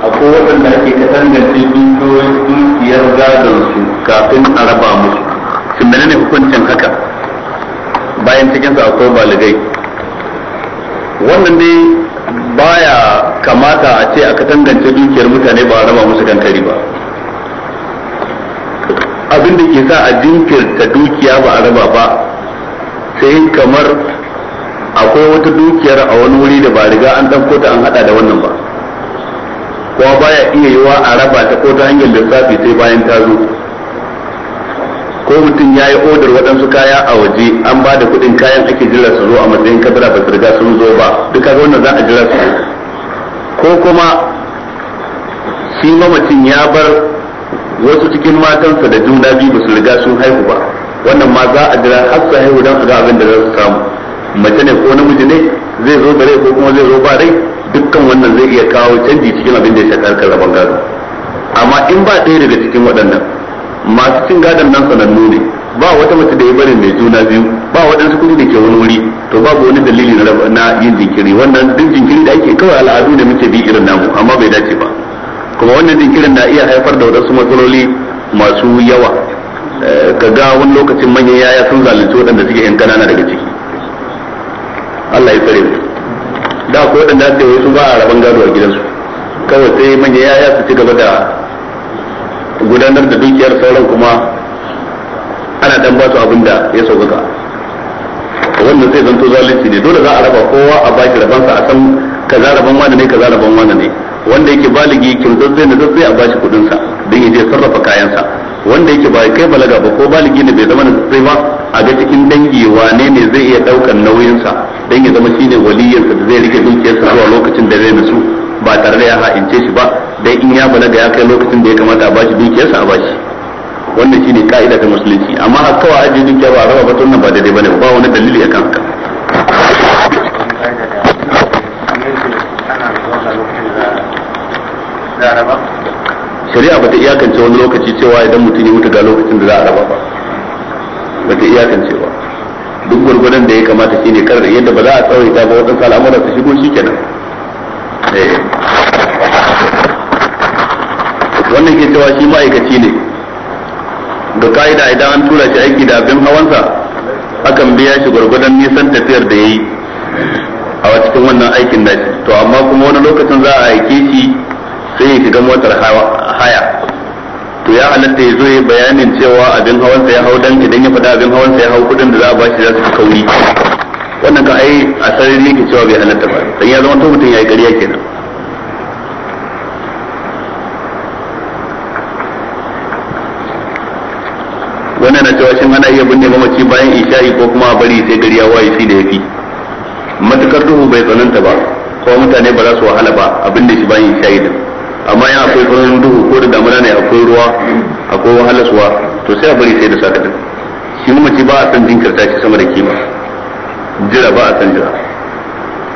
akwai waɗanda ake ta tangance dukiyar gadon su kafin a raba musu shin menene hukuncin haka bayan cikinsa akwai baligai wannan dai baya kamata a ce aka tangance dukiyar mutane ba raba musu dankari ba abin da ke sa a jinkirta dukiya ba a raba ba sai kamar akwai wata dukiyar a wani wuri da ba riga an ɗauko ta an hada da wannan ba kuma baya iya yiwa a raba ta ko ta hanyar lissafi sai bayan ta zo ko mutum ya yi odar waɗansu kaya a waje an ba da kuɗin kayan ake jira su zo a matsayin kabira ba su riga sun zo ba duka wannan za a jira su ko kuma shi mamacin ya bar wasu cikin matansa da juna biyu ba su riga sun haihu ba wannan ma za a jira har su haihu don su ga abin da za su samu mace ne ko namiji ne zai zo da rai ko kuma zai zo ba rai dukkan wannan zai iya kawo canji cikin abin da ya shakar kan gado amma in ba ɗaya daga cikin waɗannan masu cin gadon nan sanannu ne ba wata mace da ya bari mai juna biyu ba waɗansu kudu da ke wani wuri to babu wani dalili na yin jinkiri wannan duk jinkiri da ake kawai al'adu da muke bi irin namu amma bai dace ba kuma wannan jinkirin na iya haifar da waɗansu matsaloli masu yawa eh, ka ga wani lokacin manyan yaya sun zalunci waɗanda suke yan kanana daga ciki Allah ya tsare da ko waɗanda ake wasu ba a rabon gado a gidansu kawai sai manyan yaya su ci gaba da gudanar da dukiyar sauran kuma ana dan ba su abin da ya sauƙaƙa wannan sai zanto zalunci ne dole za a raba kowa a baki rabansa a san kaza raban wani ne kaza raban wani ne wanda yake baligi kin kirzazzai na zazzai a bashi kudinsa don ya je sarrafa kayansa wanda yake ba kai balaga ba ko baligi ne bai zama na sai ba a ga cikin dangi wane ne zai iya daukan nauyinsa don ya zama shine waliyinsa da zai rike sa zuwa lokacin da zai nasu ba tare da ya ha'ince shi ba dai in ya balaga ya kai lokacin da ya kamata a bashi sa a bashi wannan shine ka'ida ta musulunci amma a kawai ajiye dukiya ba a raba batun nan ba daidai bane ba wani dalili akan haka shari'a bata iyakance wani lokaci cewa idan mutum ya mutu ga lokacin da za a raba ba bata iyakance ba duk gwargwadon da ya kamata shine kar yadda ba za a tsawaita ba wadansu al'amuran su shigo kenan Eh. wannan ke cewa shi ma'aikaci ne da ka'ida idan an tura shi aiki da abin hawansa akan biya shi gwargwadon nisan tafiyar da ya yi a cikin wannan aikin da to amma kuma wani lokacin za a aike shi sai ya shiga motar haya to ya halatta ya zo ya bayanin cewa abin hawansa ya hau dan idan ya faɗa abin hawansa ya hau kuɗin da za a bashi za su kauri wannan ka ai a sarari ne ke cewa bai halatta ba sai ya zama to mutum ya yi ƙarya kenan wannan na cewa shin ana iya binne mamaci bayan isha'i ko kuma bari sai gari ya waye shi da fi matukar duhu bai tsananta ba ko mutane ba za su wahala ba abin da shi bayan isha'i din amma ya akwai tsananin duhu ko da damuna ne akwai ruwa akwai suwa to sai a bari sai da saka din shi mamaci ba a san jinkirta shi sama da kima jira ba a san jira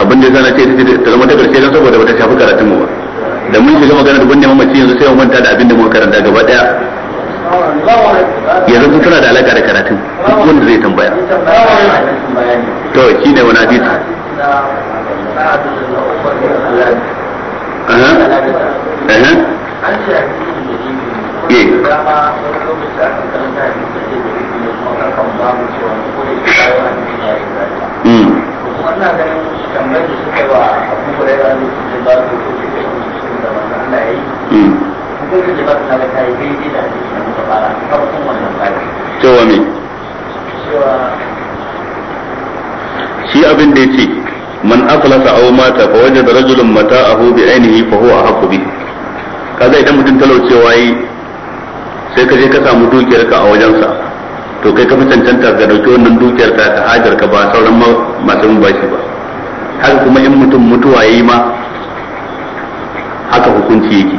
abin da zana ce ta zama ta karshe don saboda bata shafi karatun mu ba da mun shiga da binne mamaci yanzu sai mu manta da abin da muka karanta gaba daya yanzu tana da alaka da karatun duk wanda zai tambaya to shi ne wani abin aha aha ina ganin da suka wa abu da ne su ba su ko da wannan hmm. da ba ta da kai da muka fara ka ba kun wannan me cewa shi abin da yace man aflasa aw mata fa wajada rajulun mata'ahu bi ainihi fa huwa ahqqu bi kaza idan mutum talaucewa yi sai ka je ka samu dukiyarka a wajensa to kai ka fi cancanta ga dauki wannan dukiyar ta ta hajar ka ba sauran masu yin bashi ba haka kuma in mutum mutuwa yayi ma haka hukunci yake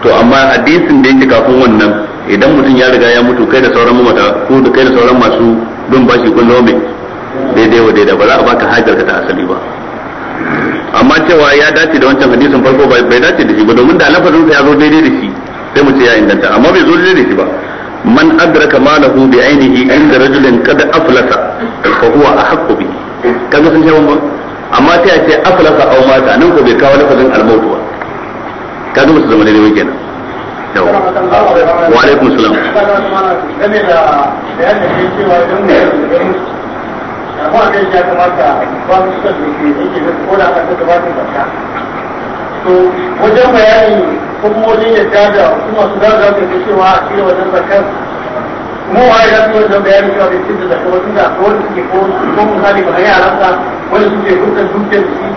to amma hadisin da yake kafin wannan idan mutum ya riga ya mutu kai da sauran mamata ko da kai da sauran masu dun bashi kun zama mai daidai wa daidai ba za a baka hajar ka ta asali ba amma cewa ya dace da wancan hadisin farko bai dace da shi ba domin da lafazin sa ya zo daidai da shi sai mu ce ya inganta amma bai zo daidai da shi ba man adraka malahu bi ainihi inda da qad aflasa fa huwa ahqqu bi kaga sun ce ba amma sai a ce aflasa aw mata nan ko bai kawo lafazin al-maut ba kaga da to wajen bayani hukumomin ta da kuma su za su ke cewa a cire wajen zakar mu wa ya zo wajen bayani cewa bai da zakar wasu da wani suke ko ko misali ba ya rasa wani suke ko dukiyar da shi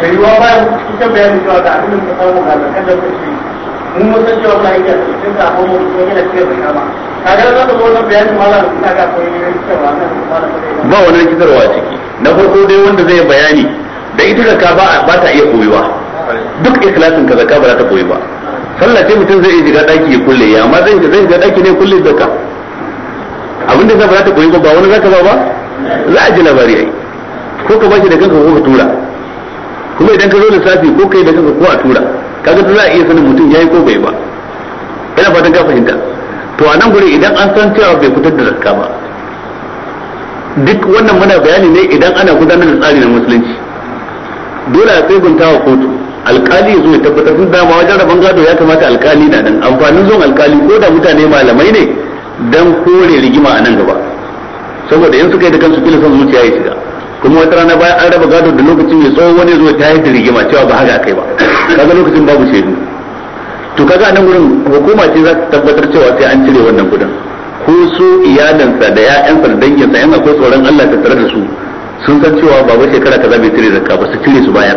da yiwuwa bayan cikin bayani cewa ta abin da samu ga zakar da kuka mun musan cewa muna yi da cikin mu ko yana cire zakar ba kaga za ka zo wajen bayanin malam da ka koyi ba wani rikitarwa ciki na farko dai wanda zai bayani da ita da ka ba ta iya koyuwa duk ikhlasin ka zakka ba za ta koyi ba sallah ce mutum zai shiga daki ya kulle ya amma zai zai shiga daki ne kulle zakka abin da ba za ta koyi ba ba wani zaka ba ba za a ji labari ai ko ka bashi da kanka ko ka tura kuma idan ka zo lissafi ko kai da kanka ko a tura kaga za a iya sanin mutum yayi ko bai ba ina fatan ka fahimta to a nan gure idan an san cewa bai fitar da zakka ba duk wannan muna bayani ne idan ana gudanar da tsari na musulunci dole a tsegunta wa kotu alkali zo ya tabbatar sun dama wajen rabon gado ya kamata alkali na nan amfanin zon alkali ko da mutane malamai ne dan kore rigima a nan gaba saboda in suka yi da kansu kila son zuciya ya shiga kuma wata rana bayan an raba gado da lokacin mai tsawon wani zo ta yi da rigima cewa ba haka kai ba kaga lokacin babu shaidu to kaga nan gurin hukuma ce za ta tabbatar cewa sai an cire wannan kudin ko su iyalansa da ya'yansa da danginsa yana akwai tsoron Allah ta tare da su sun san cewa baba shekara kaza bai cire zakka ba su cire su bayar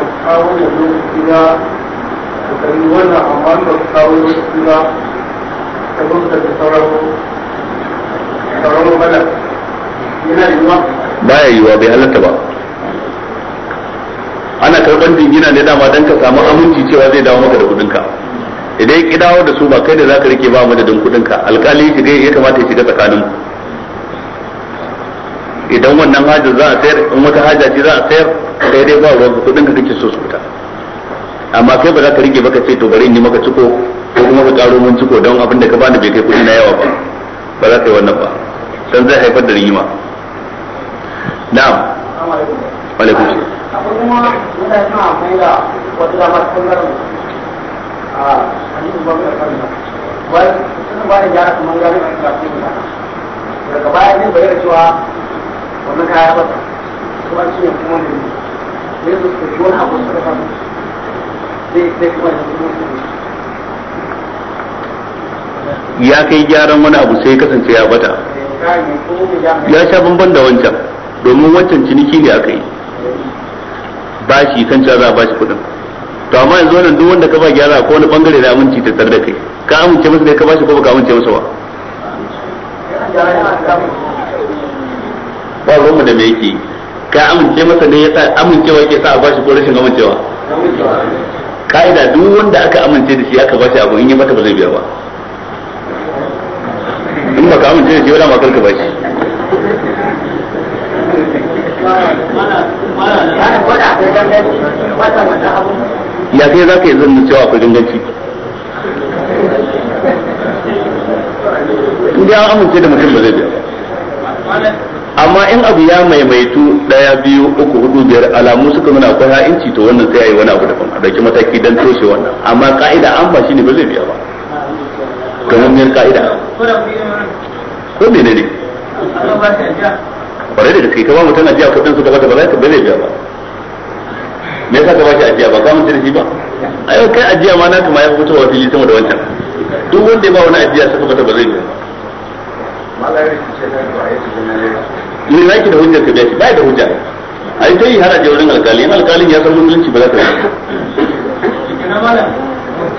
kawo da yiwa bai halatta ba ana karban jingina ne dama don ka samu aminci cewa zai dawo maka da kudinka idan ya ki da su ba kai da za ka rike ba madadin kudinka alkali shiga ya kamata ya shiga tsakanin idan wannan hajar za a sayar in wata haja ce za a sayar sai dai ba ruwan kudin ka kake so su fita amma kai ba za ka rike baka ce to bari ni yi maka ciko ko kuma ka karo mun ciko don abin da ka bani bai kai kudi na yawa ba ba za ka yi wannan ba san zai haifar da rigima na'am alaikum salam akwai kuma ya suna amfani da wata damar kallon a hannun ba mu da kallon wai sun ba da gyara kamar gani a cikin daga baya ne bayyana cewa ومن عاقب سواء ya kai gyaran wani abu sai kasance ya bata ya sha bamban da wancan domin wancan ciniki ne aka yi shi kan za a shi kudin to amma yanzu wannan duk wanda ka ba gyara ko wani bangare na aminci ta tsar da kai ka amince masa ne ka bashi ko baka amince masa ba ba mu da me yake ka amince masa ne ya sa amincewa yake sa a bashi ko rashin amincewa ka'ida duk wanda aka amince da shi aka bashi abu in yi mata ba zai biya ba in ba ka amince da shi wadda makar ka bashi ya sai za ka yi zan cewa akwai danganci in dai an amince da mutum ba zai biya ba amma in abu ya maimaitu daya biyu uku hudu biyar alamu suka nuna akwai ha'inci to wannan sai ayi wani abu daban a dauki mataki dan toshe wannan amma ka'ida an ba shine ba zai biya ba kamar miyar ka'ida ko me ne bare da kai ka ba mutum ajiya kudin su gaba da ba za ka ba zai biya ba me yasa ka ba shi ajiya ba ka mun tarihi ba ayo kai ajiya ma naka ma ya fito wa fili sama da wancan duk wanda ya ba wani ajiya saka bata ba zai biya ba me zaki da hujjar ka biya da hujja ai sai har aje wurin alkali in alkalin ya san musulunci ba za ka yi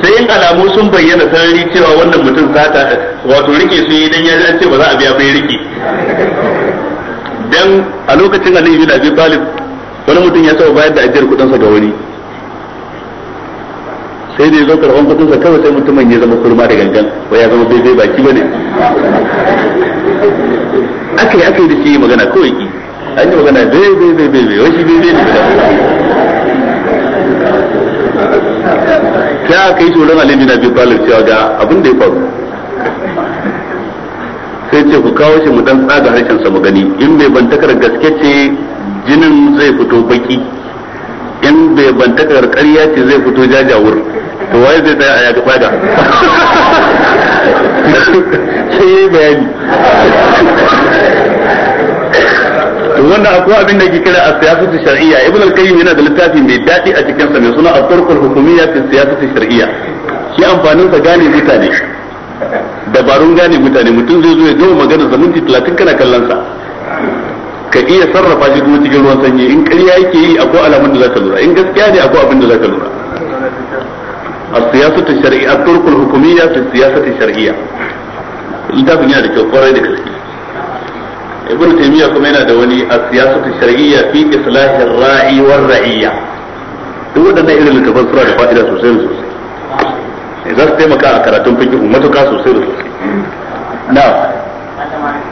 sai in alamu sun bayyana sarari cewa wannan mutum sata wato rike su yi dan ya ji an ce ba za a biya bai rike dan a lokacin Aliyu da bi Talib wani mutum ya saba bayar da ajiyar kudin sa ga wani sai da ya zo karban kudin sa kawai sai mutumin ya zama kurma da gangan ko ya zama bai baki bane aka yi aka yi da shi magana kawai ki an yi magana daidai daidai bai bai bai wai shi Ta ne sai aka yi shoron alin dina biyu kwalar cewa ga abin da ya faru sai ce ku kawo shi mu dan tsaga harshen sa mu gani in mai bantakar gaske ce jinin zai fito baki in bai banta kar ƙarya ce zai fito jajawur to waye zai tsaya a ya gaba da sai yayi bayani to wanda akwai abin da ke kira a siyasatu shar'iyya ibn al-qayyim yana da littafi mai daɗi a cikin sa mai suna at-turqul hukumiyya fi siyasatu shar'iyya shi amfanin sa gane mutane dabarun gane mutane mutum zai zo ya gama magana sa minti 30 kana kallon sa ka iya sarrafa shi kuma cikin ruwan sanyi in ƙarya yake yi akwai alamun da zaka lura in gaskiya ne akwai abin da zaka lura السياسة الشرعية ta الحكومية ta السياسة الشرعية littafin yana da kyau kwarai da gaske ibn taymiya kuma yana da wani a siyasatu shari'a fi islahin ra'i war ra'iyya duk wadannan irin littafan suna da fa'ida sosai da sosai za su taimaka a karatun fiqh matuƙa sosai da sosai na'am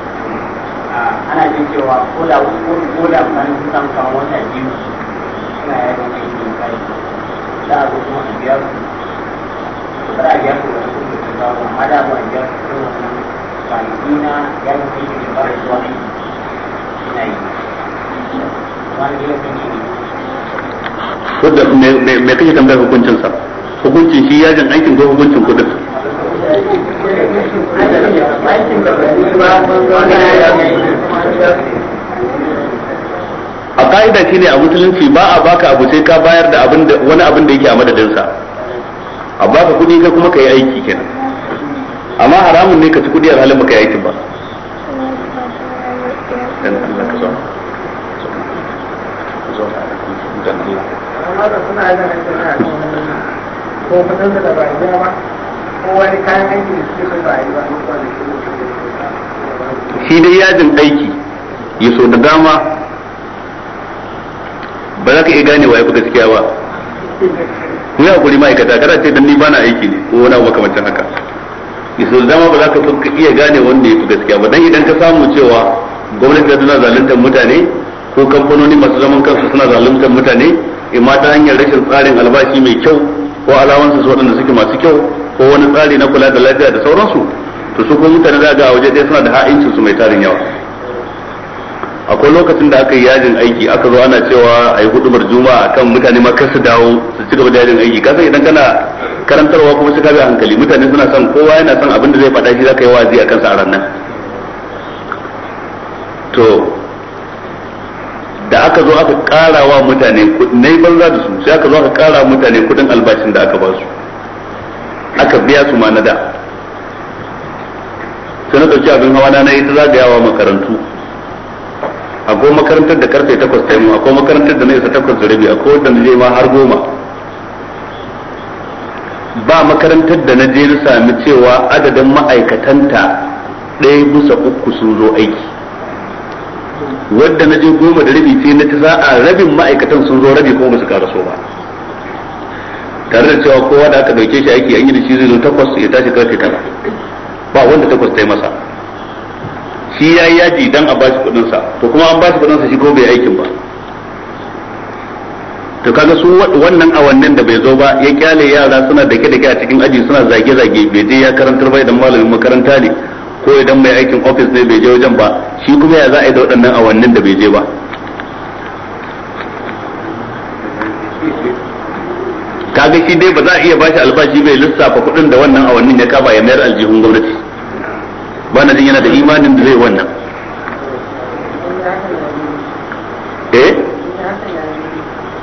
ana jin cewa ko da ko da ban san kamar wata biyu suna ya ga mai yin kai da a zo kuma a biya ku da a biya su wani kuma su ba ba ma da ba a biya su kuma wani kwanaki na ya ga mai yin ba da ne mai ina yi wani biya sun yi ne. Wadda me kake hukuncin sa Hukuncin shi yajin aikin ko hukuncin kudin? a shi shine a musulunci ba a baka abu sai ka bayar da wani abin da yake a madadinsa a baka kuɗi ka kuma ka yi aiki kenan amma haramun ne ka ci kuɗi a halin ka yi aikin ba Allah ka zo ba wani kayan aiki da suke shi dai yajin aiki ya so da dama ba za ka iya gane wa ya fi gaskiya ba ku yi hakuri ma'aikata kada ce dan ni bana aiki ne ko wani abu makamancin haka ya so da dama ba za ka so ka iya gane wanda ya fi gaskiya ba dan idan ka samu cewa gwamnati ta tana zaluntar mutane ko kamfanoni masu zaman kansu suna zaluntar mutane imma ta hanyar rashin tsarin albashi mai kyau ko alawansu su waɗanda suke masu kyau ko wani tsari na kula da lafiya da sauransu to su kuma mutane za ga waje ɗaya suna da ha'incin su mai tarin yawa akwai lokacin da aka yi yajin aiki aka zo ana cewa a yi hudumar juma'a kan mutane ma kar su dawo su ci gaba da yajin aiki kasan idan kana karantarwa kuma sai ka bi hankali mutane suna son kowa yana son abin da zai faɗa shi zaka yi wazi a kansa a ran nan to da aka zo aka kara wa mutane yi banza da su sai aka zo aka kara mutane kudin albashin da aka ba su aka biya su ma na da sai na dauki abin hawa na yi ta yawa makarantu akwai makarantar da karfe takwas ta yi akwai makarantar da na isa takwas da rabi akwai wadda na je ma har goma ba makarantar da na je na sami cewa adadin ma'aikatanta ɗaya bisa uku sun zo aiki wadda na je goma da rabi sai na ci za a rabin ma'aikatan sun zo rabi kuma ba su karaso ba tare da cewa kowa da aka dauke shi aiki an yi da shi zai zo takwas ya tashi karfe tara ba wanda takwas ta yi masa shi ya yi yaji dan a bashi kudin sa to kuma an bashi kudin sa shi ko bai aikin ba to kaga su wannan awannin da bai zo ba ya kyale yara suna dake dake a cikin aji suna zage zage bai je ya karantar ba idan malamin makaranta ne ko idan mai aikin ofis ne bai je wajen ba shi kuma ya za a yi da waɗannan awannin da bai je ba kaga shi dai ba za a iya bashi albashi bai lissafa kuɗin da wannan awannin ya kaba ya mayar aljihun gwamnati ba na jin yana da imanin da zai wannan eh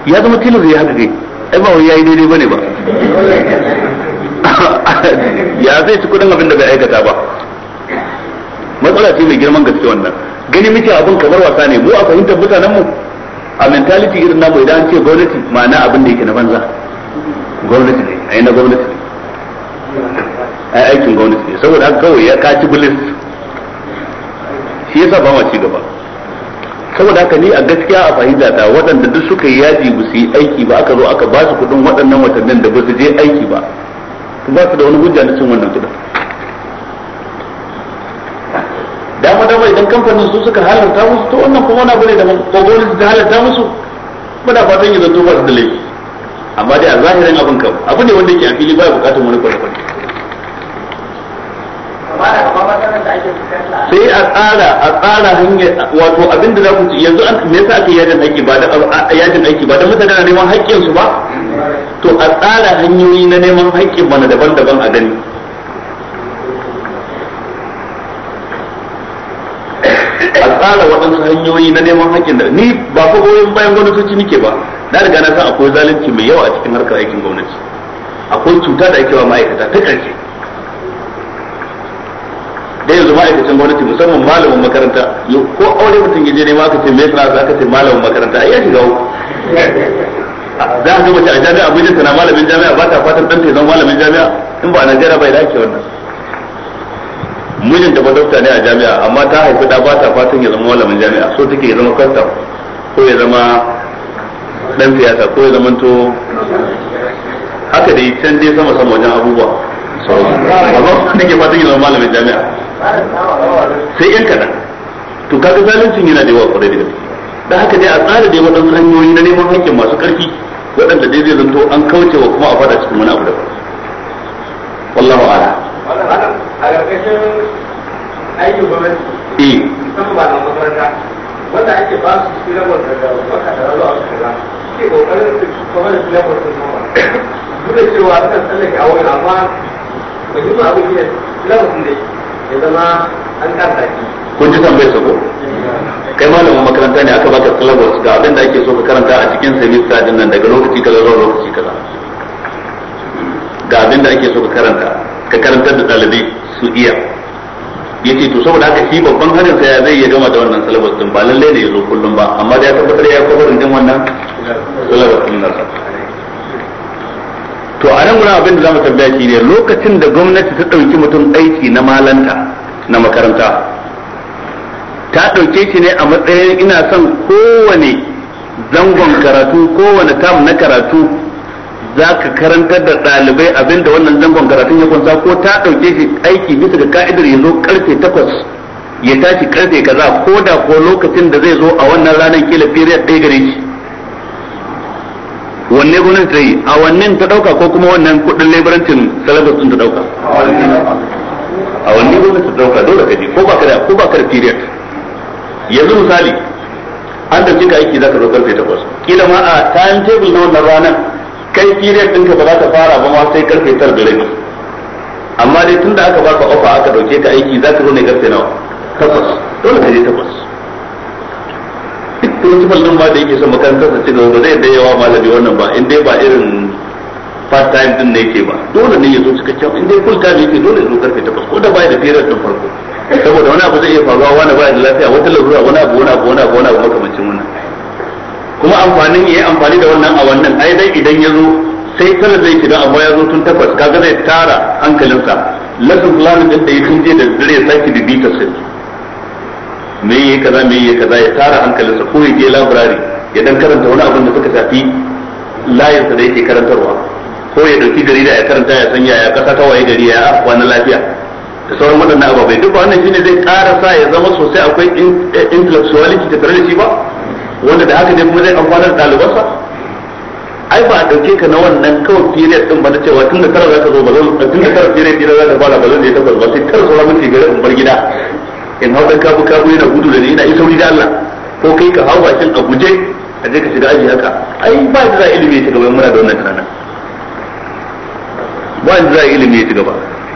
ya zama tilo zai haka kai ai ba wai yi daidai bane ba *laughs* ya zai ci kuɗin abin da bai aikata ba matsala ce mai girman gaske wannan gani muke abin kamar wasa ne mu a fahimtar mutanen mu a mentality irin namu idan an ce gwamnati ma'ana abin da yake na banza gwamnati ne ai na gwamnati ne ai aikin gwamnati ne saboda haka kawai ya kaci bilis shi yasa ba ma ci gaba saboda haka ni a gaskiya a fahimta ta waɗanda duk suka yi yaji ba su yi aiki ba aka zo aka ba su kuɗin waɗannan watannin da ba su je aiki ba ba su da wani hujja na cin wannan kuɗin dama dama idan kamfanin su suka halarta musu to wannan kuma wani bane da daban ko ta halarta musu muna fatan yi zanto basu da laifi amma dai a zahirin abin kam abu ne wanda ke a fili baya bukatar wani kwane-kwane sai a tsara a tsara hanyar wato da za ku ci yanzu an me yasa ake yajin aiki ba da yajin aiki ba da mutane na neman haƙƙin su ba to a tsara hanyoyi na neman haƙƙin mana daban-daban a gani a tsara waɗansu hanyoyi na neman haƙƙin da ni ba ko goyon bayan gwamnatoci nike ba na riga na san akwai zalunci mai yawa a cikin harkar aikin gwamnati akwai cuta da ake wa ma'aikata ta ƙarshe da yanzu ma'aikacin gwamnati musamman malamin makaranta ko aure mutum ya je nema aka ce me yasa za ka ce malamin makaranta ai ya shiga za a ga mace a jami'a abin da tana malamin jami'a ba ta fatan ɗan ta zama malamin jami'a in ba a Najeriya bai dace wannan mijin da dokta ne a jami'a amma ta haifi da ba ta fatan ya zama malamin jami'a so take ya zama kwastam ko ya zama dan siyasa ko ya zama to haka dai can dai sama sama wajen abubuwa amma su take fatan ya zama malamin jami'a sai yan kaɗan to kaga zaluncin yana da yawa kwarai da gaske dan haka dai a tsara dai waɗansu hanyoyi na neman hakkin masu karfi wadanda dai zai zanto an kaucewa kuma a fada cikin wani abu daban wallahu a'lam aikin gwamnati eh musamman ba makaranta wanda ake ba su cikin da wata da su kaza ke kokarin su da su duk da cewa tsallake a wani amma muhimmin abu ne ya zama an shi kun ji tambayar sa ko kai malamin makaranta ne aka baka syllabus ga abin da ake so ka karanta a cikin semester din nan daga lokaci kaza zuwa lokaci kaza ga abin da ake so ka karanta ka karantar da ɗalibai su iya yace to saboda haka shi babban harin sa ya zai iya gama da wannan salabar din ba lalle ne ya zo kullum ba amma da ya tabbatar ya kokarin din wannan salabar din nasa to a nan gura abin da zamu tambaya shi ne lokacin da gwamnati ta dauki mutum aiki na malanta na makaranta ta dauke shi ne a matsayin ina son kowane zangon karatu kowane tam na karatu za ka karantar da ɗalibai abinda wannan zangon karatun ya kunsa ko ta ɗauke shi aiki bisa ga ka'idar ya zo karfe takwas ya tashi karfe kaza ko da ko lokacin da zai zo a wannan ranar kila period ɗaya gare shi wanne gwamnati ta yi a wannan ta ɗauka ko kuma wannan kuɗin lebarancin salabar sun ta ɗauka a wanne gwamnati ta ɗauka dole ka ji ko ba ka da ko ba ka da period yanzu misali an da cika aiki za ka zo karfe takwas kila ma a timetable na wannan ranar kai period ɗinka ba za ta fara ba ma sai karfe tar da rabi amma dai tunda aka baka ofa aka dauke ka aiki za ka zo ne karfe nawa takwas dole ka je takwas duk principal din ba da yake son makarantar sa cigaba ba zai da yawa malami wannan ba in dai ba irin part time din ne yake ba dole ne ya zo cikakken in dai full time yake dole ya zo karfe takwas ko da bai da period din farko saboda wani abu zai iya faruwa wani baya da lafiya wata larura wani abu wani abu wani abu wani abu makamancin wannan kuma amfanin yi amfani da wannan a wannan ai dai idan ya zo sai tara zai shiga amma ya zo tun takwas kaga zai tara hankalinsa lasin fulani din da ya tun je da zire ya sake bibitar sai me yi kaza me yi kaza ya tara hankalinsa ko ya je labirari ya dan karanta wani abin da suka shafi layinsa da yake karantarwa ko ya dauki jarida ya karanta ya sanya ya kasa ta waye gari ya wani lafiya da sauran waɗannan ababai duk wannan shine zai ƙara sa ya zama sosai akwai eh, intellectuality da tare da shi ba wanda da haka ne kuma zai amfanar ɗalibansa ai ba a ɗauke ka na wannan kawai period ɗin ba na cewa tun da tara zaka ka zo ba zan tun da tara period ɗin za fara ba zan je takwas ba sai tara sauran minti gare in bar gida in hau ɗan kabu kabu yana gudu da ni ina yi sauri da Allah ko kai ka hau bakin a guje a je ka shiga aji haka ai ba da za a ilimi ya ci gaba muna da wannan tunanin ba da za a ilimi ya ci gaba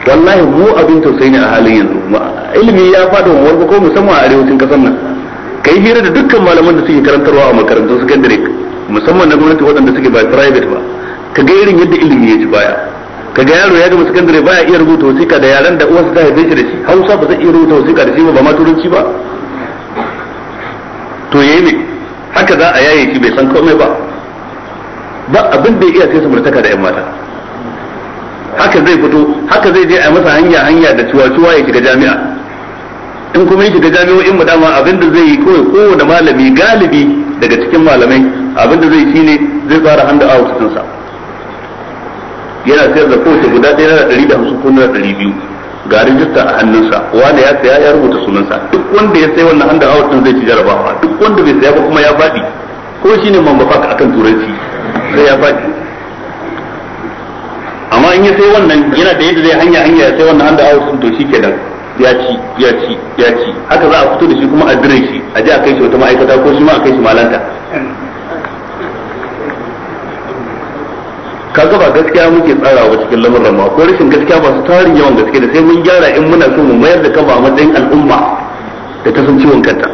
wallahi mu abin tausayi ne a halin yanzu ilimi ya faɗo wa warko ko musamman a arewacin ƙasar nan kai hira da dukkan malaman da suke karantarwa a makarantun sakandare musamman na gwamnati waɗanda suke ba private ba ka ga irin yadda ilimi ya ci baya ga yaro ya gama sakandare baya iya rubuta wasiƙa da yaran da uwarsa ta haife shi da shi Hausa ba zai iya rubuta wasiƙa da shi ba ma turanci ba to yayi ne haka za a yaye shi bai san komai ba ba abin da ya iya sai murtaka da yan mata haka zai fito haka zai je a masa hanya hanya da ciwa-ciwa ya shiga jami'a in kuma yake da jami'o'in mu dama da zai yi kawai kowane malami galibi daga cikin malamai abin da zai shine zai fara handa out din sa yana sayar da kowace guda ɗaya na ɗari da hamsin ko na ɗari biyu ga rijista a hannunsa wanda ya saya ya rubuta sunansa duk wanda ya sayi wannan handa out din zai ci jarabawa duk wanda bai saya ba kuma ya faɗi ko shine faka akan turanci sai ya faɗi amma in ya sai wannan yana da yadda zai hanya hanya ya sai wannan handa out din to shikenan ya ci ya ci ya ci haka za a fito da shi kuma a dire shi a je a kai shi wata ma'aikata ko shi ma a kai shi malanta kaga ba gaskiya muke tsarawa cikin lamarin ma ko rashin gaskiya ba su tarin yawan gaske da sai mun gyara in muna so mu mayar da ba matsayin al'umma da ta san ciwon kanta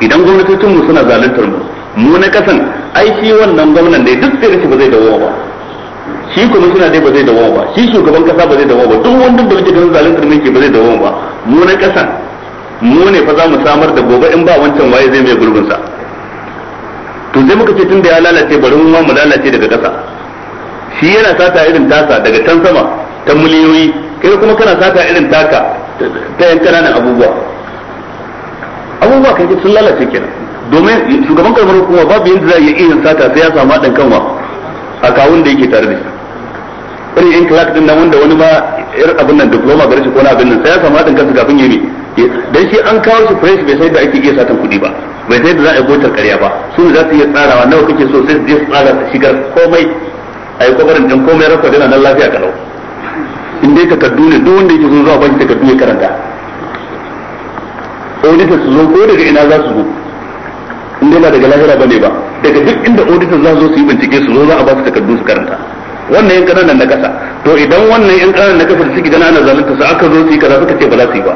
idan gwamnatocinmu suna zaluntar mu mu na kasan ai wannan gwamnan dai duk da shi ba zai dawo ba shi kwamishina dai ba zai dawo ba shi shugaban kasa ba zai dawo ba duk wanda da muke ganin zaluntar mulki ba zai dawo ba mu na kasan mu ne fa za mu samar da gobe in ba wancan waye zai mai gurbin sa to sai muka ce tunda ya lalace bari mu ma mu lalace daga kasa shi yana sata irin tasa daga can sama ta miliyoyi kai kuma kana sata irin taka ta yan kananan abubuwa abubuwa kan sun lalace kenan domin shugaban kalmar hukuma babu yadda za a iya yin sata sai ya samu haɗin kanwa a kawun da yake tare da shi bari in clerk din nan wanda wani ma yar abin nan diploma bari shi ko na abin nan sai ya samu haɗin kansa kafin yi dan shi an kawo shi fresh bai sai da ake iya satan kuɗi ba bai sai da za a yi gotar ƙarya ba su ne za su iya tsarawa nawa kake so sai su je su tsara shigar komai a yi kokarin din komai rasa dana nan lafiya kalau in dai takardu ne duk wanda yake so zuwa bashi takardu ya karanta auditor su zo ko daga ina za su zo in dai ba daga lahira bane ba daga duk inda auditor za su zo su yi bincike su zo za a ba su takardu su karanta wannan yan kananan na kasa to idan wannan yan kananan na kasa da suke gana ana zalunta su aka zo su yi kaza suka ce ba za su yi ba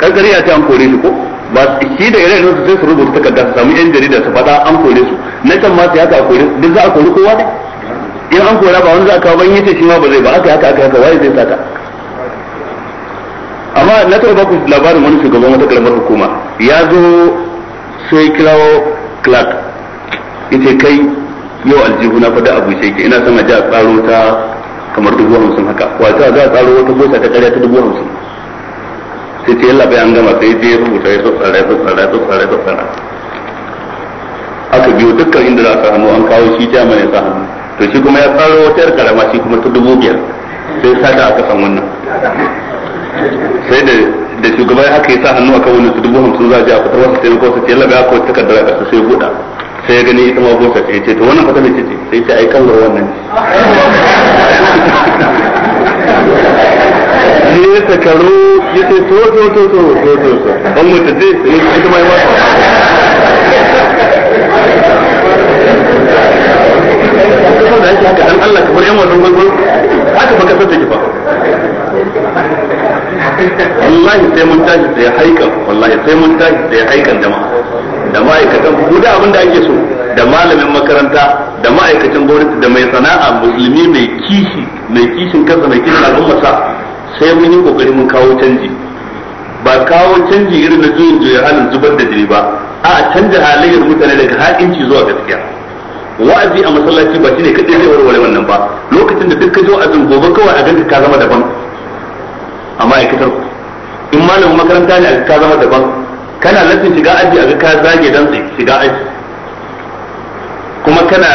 kankare ya ce an kore su ko ba shi da irin su sai su rubuta takarda su samu yan jarida su faɗa an kore su na can ma sai haka a kore duk za a kore kowa ne in an kora ba wani za a kawo ban yace shi ma ba zai ba aka haka aka haka waye zai saka amma na taɓa ku labarin wani shugaban wata karamar hukuma ya zo sai kirawo clark ita kai yau aljihu na fada abu sai ke ina sama ja tsaro ta kamar dubu hamsin haka wato a za a tsaro wata bosa ta karya ta dubu hamsin sai ce yalla bayan gama sai je rubuta ya tsara ya tsara ya tsara ya tsara aka biyo dukkan inda za a sa hannu an kawo shi ta mai sa hannu to shi kuma ya tsaro wata yar karama shi kuma ta dubu biyar sai sada aka san wannan sai da da shugaban haka ya sa hannu a kawo ne wani dubu hamsin za a je a fitar wasu taimako su ce yalla bai aka wata takardar a ƙasa sai ya buɗa sai ya gani ita ma bota ta ce to wannan fata ne ce sai ta aika kawar wannan ne ta karo ya ce to to to to to to to an mutu dai sai ita ma ya dan Allah kamar yan wannan haka baka san take wallahi sai mun tashi sai haikan wallahi sai mun tashi sai haikan jama'a da ma'aikatan ku da abin da ake so da malamin makaranta da ma'aikatan gwamnati da mai sana'a musulmi mai kishi mai kishin kansa mai kishin masa sai mun yi kokari mun kawo canji ba kawo canji irin na juyin juya halin zubar da jini ba a canja halayyar mutane daga haƙinci zuwa gaskiya wa'azi a masallaci ba shine kaɗai zai warware wannan ba lokacin da duk ka ji wa'azin gobe kawai a ganka ka zama daban a ma'aikatar in malamin makaranta ne a ka zama daban kana lafin shiga aji a ga ka zage dan shiga aji kuma kana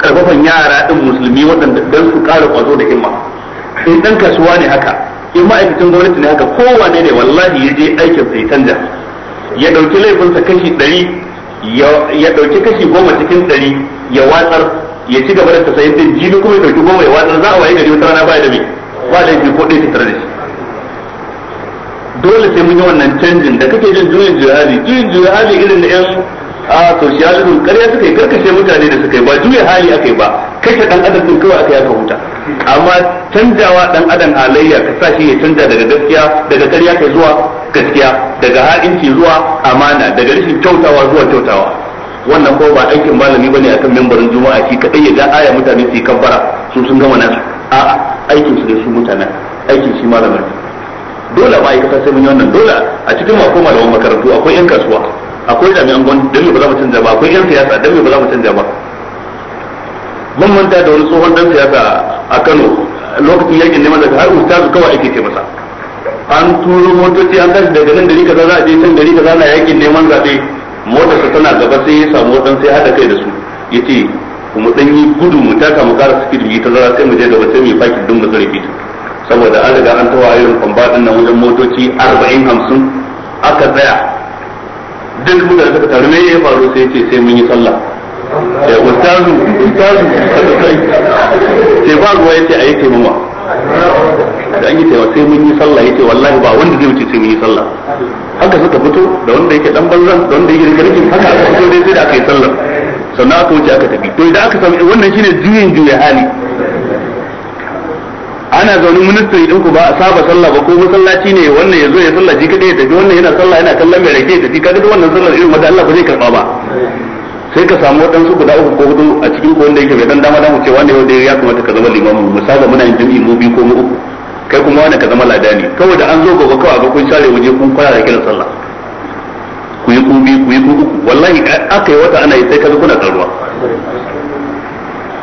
karfafan yara din musulmi waɗanda dan su ƙara kwazo da himma in dan kasuwa ne haka in ma'aikacin gwamnati ne haka kowane ne wallahi ya je aikin sai canja ya ɗauki laifinsa kashi ɗari ya ɗauki kashi goma cikin ɗari ya watsar ya ci gaba da tasayin din kuma ya ɗauki goma ya watsar za a waye gari wata rana baya da me ba laifi ko ɗaya tattare da shi dole sai mun yi wannan canjin da kake jin juyin jihadi juyin jihadi irin da yan a socialism ƙarya suka yi karkashe mutane da suka yi ba juya hali aka yi ba kashe dan adam din kawai aka yaka huta amma canjawa dan adam halayya ka sa shi ya canja daga gaskiya daga ƙarya kai zuwa gaskiya daga ha'inci zuwa amana daga rashin kyautawa zuwa kyautawa wannan ko ba aikin malami bane akan membarin juma'a shi kadai ya ga aya mutane su yi kabbara su sun gama nasu a'a aikin su da su mutanen aikin shi malamin dole b'a ma'aikata sai mun yi wannan dole a cikin mako akwai malaman makarantu akwai yan kasuwa akwai jami'an gwamnati dan me ba za mu canja ba akwai yan siyasa dan me ba za mu canja ba mun manta da wani tsohon dan siyasa a Kano lokacin yakin neman daga har ustaz kawai ake ce masa an turo motoci an tashi daga nan da kaza za a je can gari kaza na yakin neman zaɓe motar sa tana gaba sai ya samu wadan sai hada kai da su yace mu dan yi gudu mu taka mu kara speed mu yi tazara sai mu je gaba sai mu yi fakin dun mu tsare fitin saboda an riga an tawa irin kwamba din nan wajen motoci 40 50 aka tsaya duk muka da suka taru ne ya faru sai ce sai mun yi sallah ya ustazu ustazu sai ba ruwa yace ayi taimama da an yi taiwa sai mun yi sallah yace wallahi ba wanda zai wuce sai mun yi sallah haka suka fito da wanda yake dan banzan da wanda yake garkin haka aka fito dai sai da aka yi sallah sannan aka wuce aka tafi to idan aka samu wannan shine juyin juya hali ana zaune ministry din ku ba a saba sallah ba ko masallaci ne wannan yazo ya sallah ji kadai ya tafi wannan yana sallah yana kallon mai rake tafi kaga duk wannan sallar irin wanda Allah ba zai karba ba sai ka samu waɗansu guda uku ko hudu a cikin ko wanda yake bai dan dama dama wannan ne wanda ya kamata ka zama limamin mu saba muna yin jami'i mu biyu ko mu uku kai kuma wani ka zama ladani kawai da an zo gobe kawai ga kun share waje kun fara kiran sallah ku yi ku biyu ku yi ku uku wallahi aka yi wata ana yi sai kaga kuna karuwa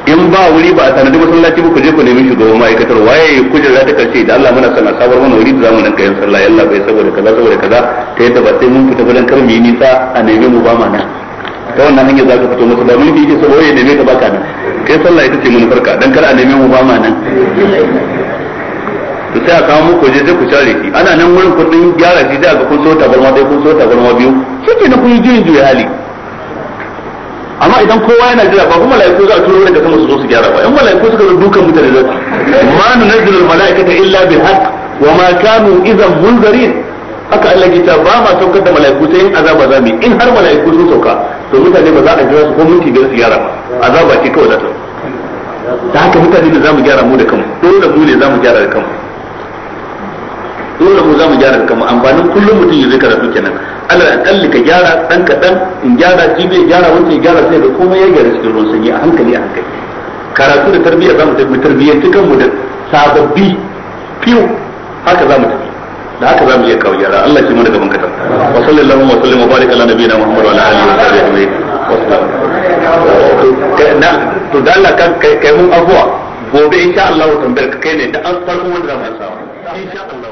in ba wuri ba a tanadi masallaci ba ku je ku nemi shugaban ma'aikatar waye kujera ta karshe da Allah muna son a sabar mana wuri da zamu nan kayan sallah yalla bai saboda kaza saboda kaza ta yadda ba sai mun fita gudan kar mu yi nisa a nemi mu ba ma nan ta wannan hanyar za ka fito masa da yi yake saboda ya neme ka baka nan kai sallah ita ce mun farka dan kar a nemi mu ba ma nan to sai a kawo muku je sai ku share shi ana nan wurin kudin gyara shi da ga kun so tabarma dai kun so tabarma biyu shi ke na kun yi juyin juya hali amma idan kowa yana jira ba kuma malaiku za a turo daga sama su zo su gyara ba in malaiku suka zo dukan mutane da za su ma nunazzilu almalaikata illa bil haqq wa ma kanu idan munzarin haka Allah ke ta ba ma saukar da malaiku sai in azaba zamu in har malaiku sun sauka to mutane ba za a jira su ko minti biyar su gyara ba azaba ce kawai za ta ta haka mutane da zamu gyara mu da kanmu dole mu ne za mu gyara da kanmu dole mu za mu gyara da kanmu amfanin kullum mutum ya zai karatu kenan alal akalli ka gyara dan kaɗan in gyara jibi ya gyara wancan gyara sai da komai ya gyara cikin ruwan sanyi a hankali a hankali karatu da tarbiyya za mu tafi tarbiyyar cikin mu da sababbi fiyo haka za mu tafi da haka za mu iya kawo gyara Allah shi mu daga bankata wa sallallahu wa sallam wa barik ala nabiyina muhammad wa ala alihi wa sahbihi ajma'in to da Allah ka kai mun abuwa gobe insha Allah tambayar ka kai ne da an farko wanda za mu samu insha Allah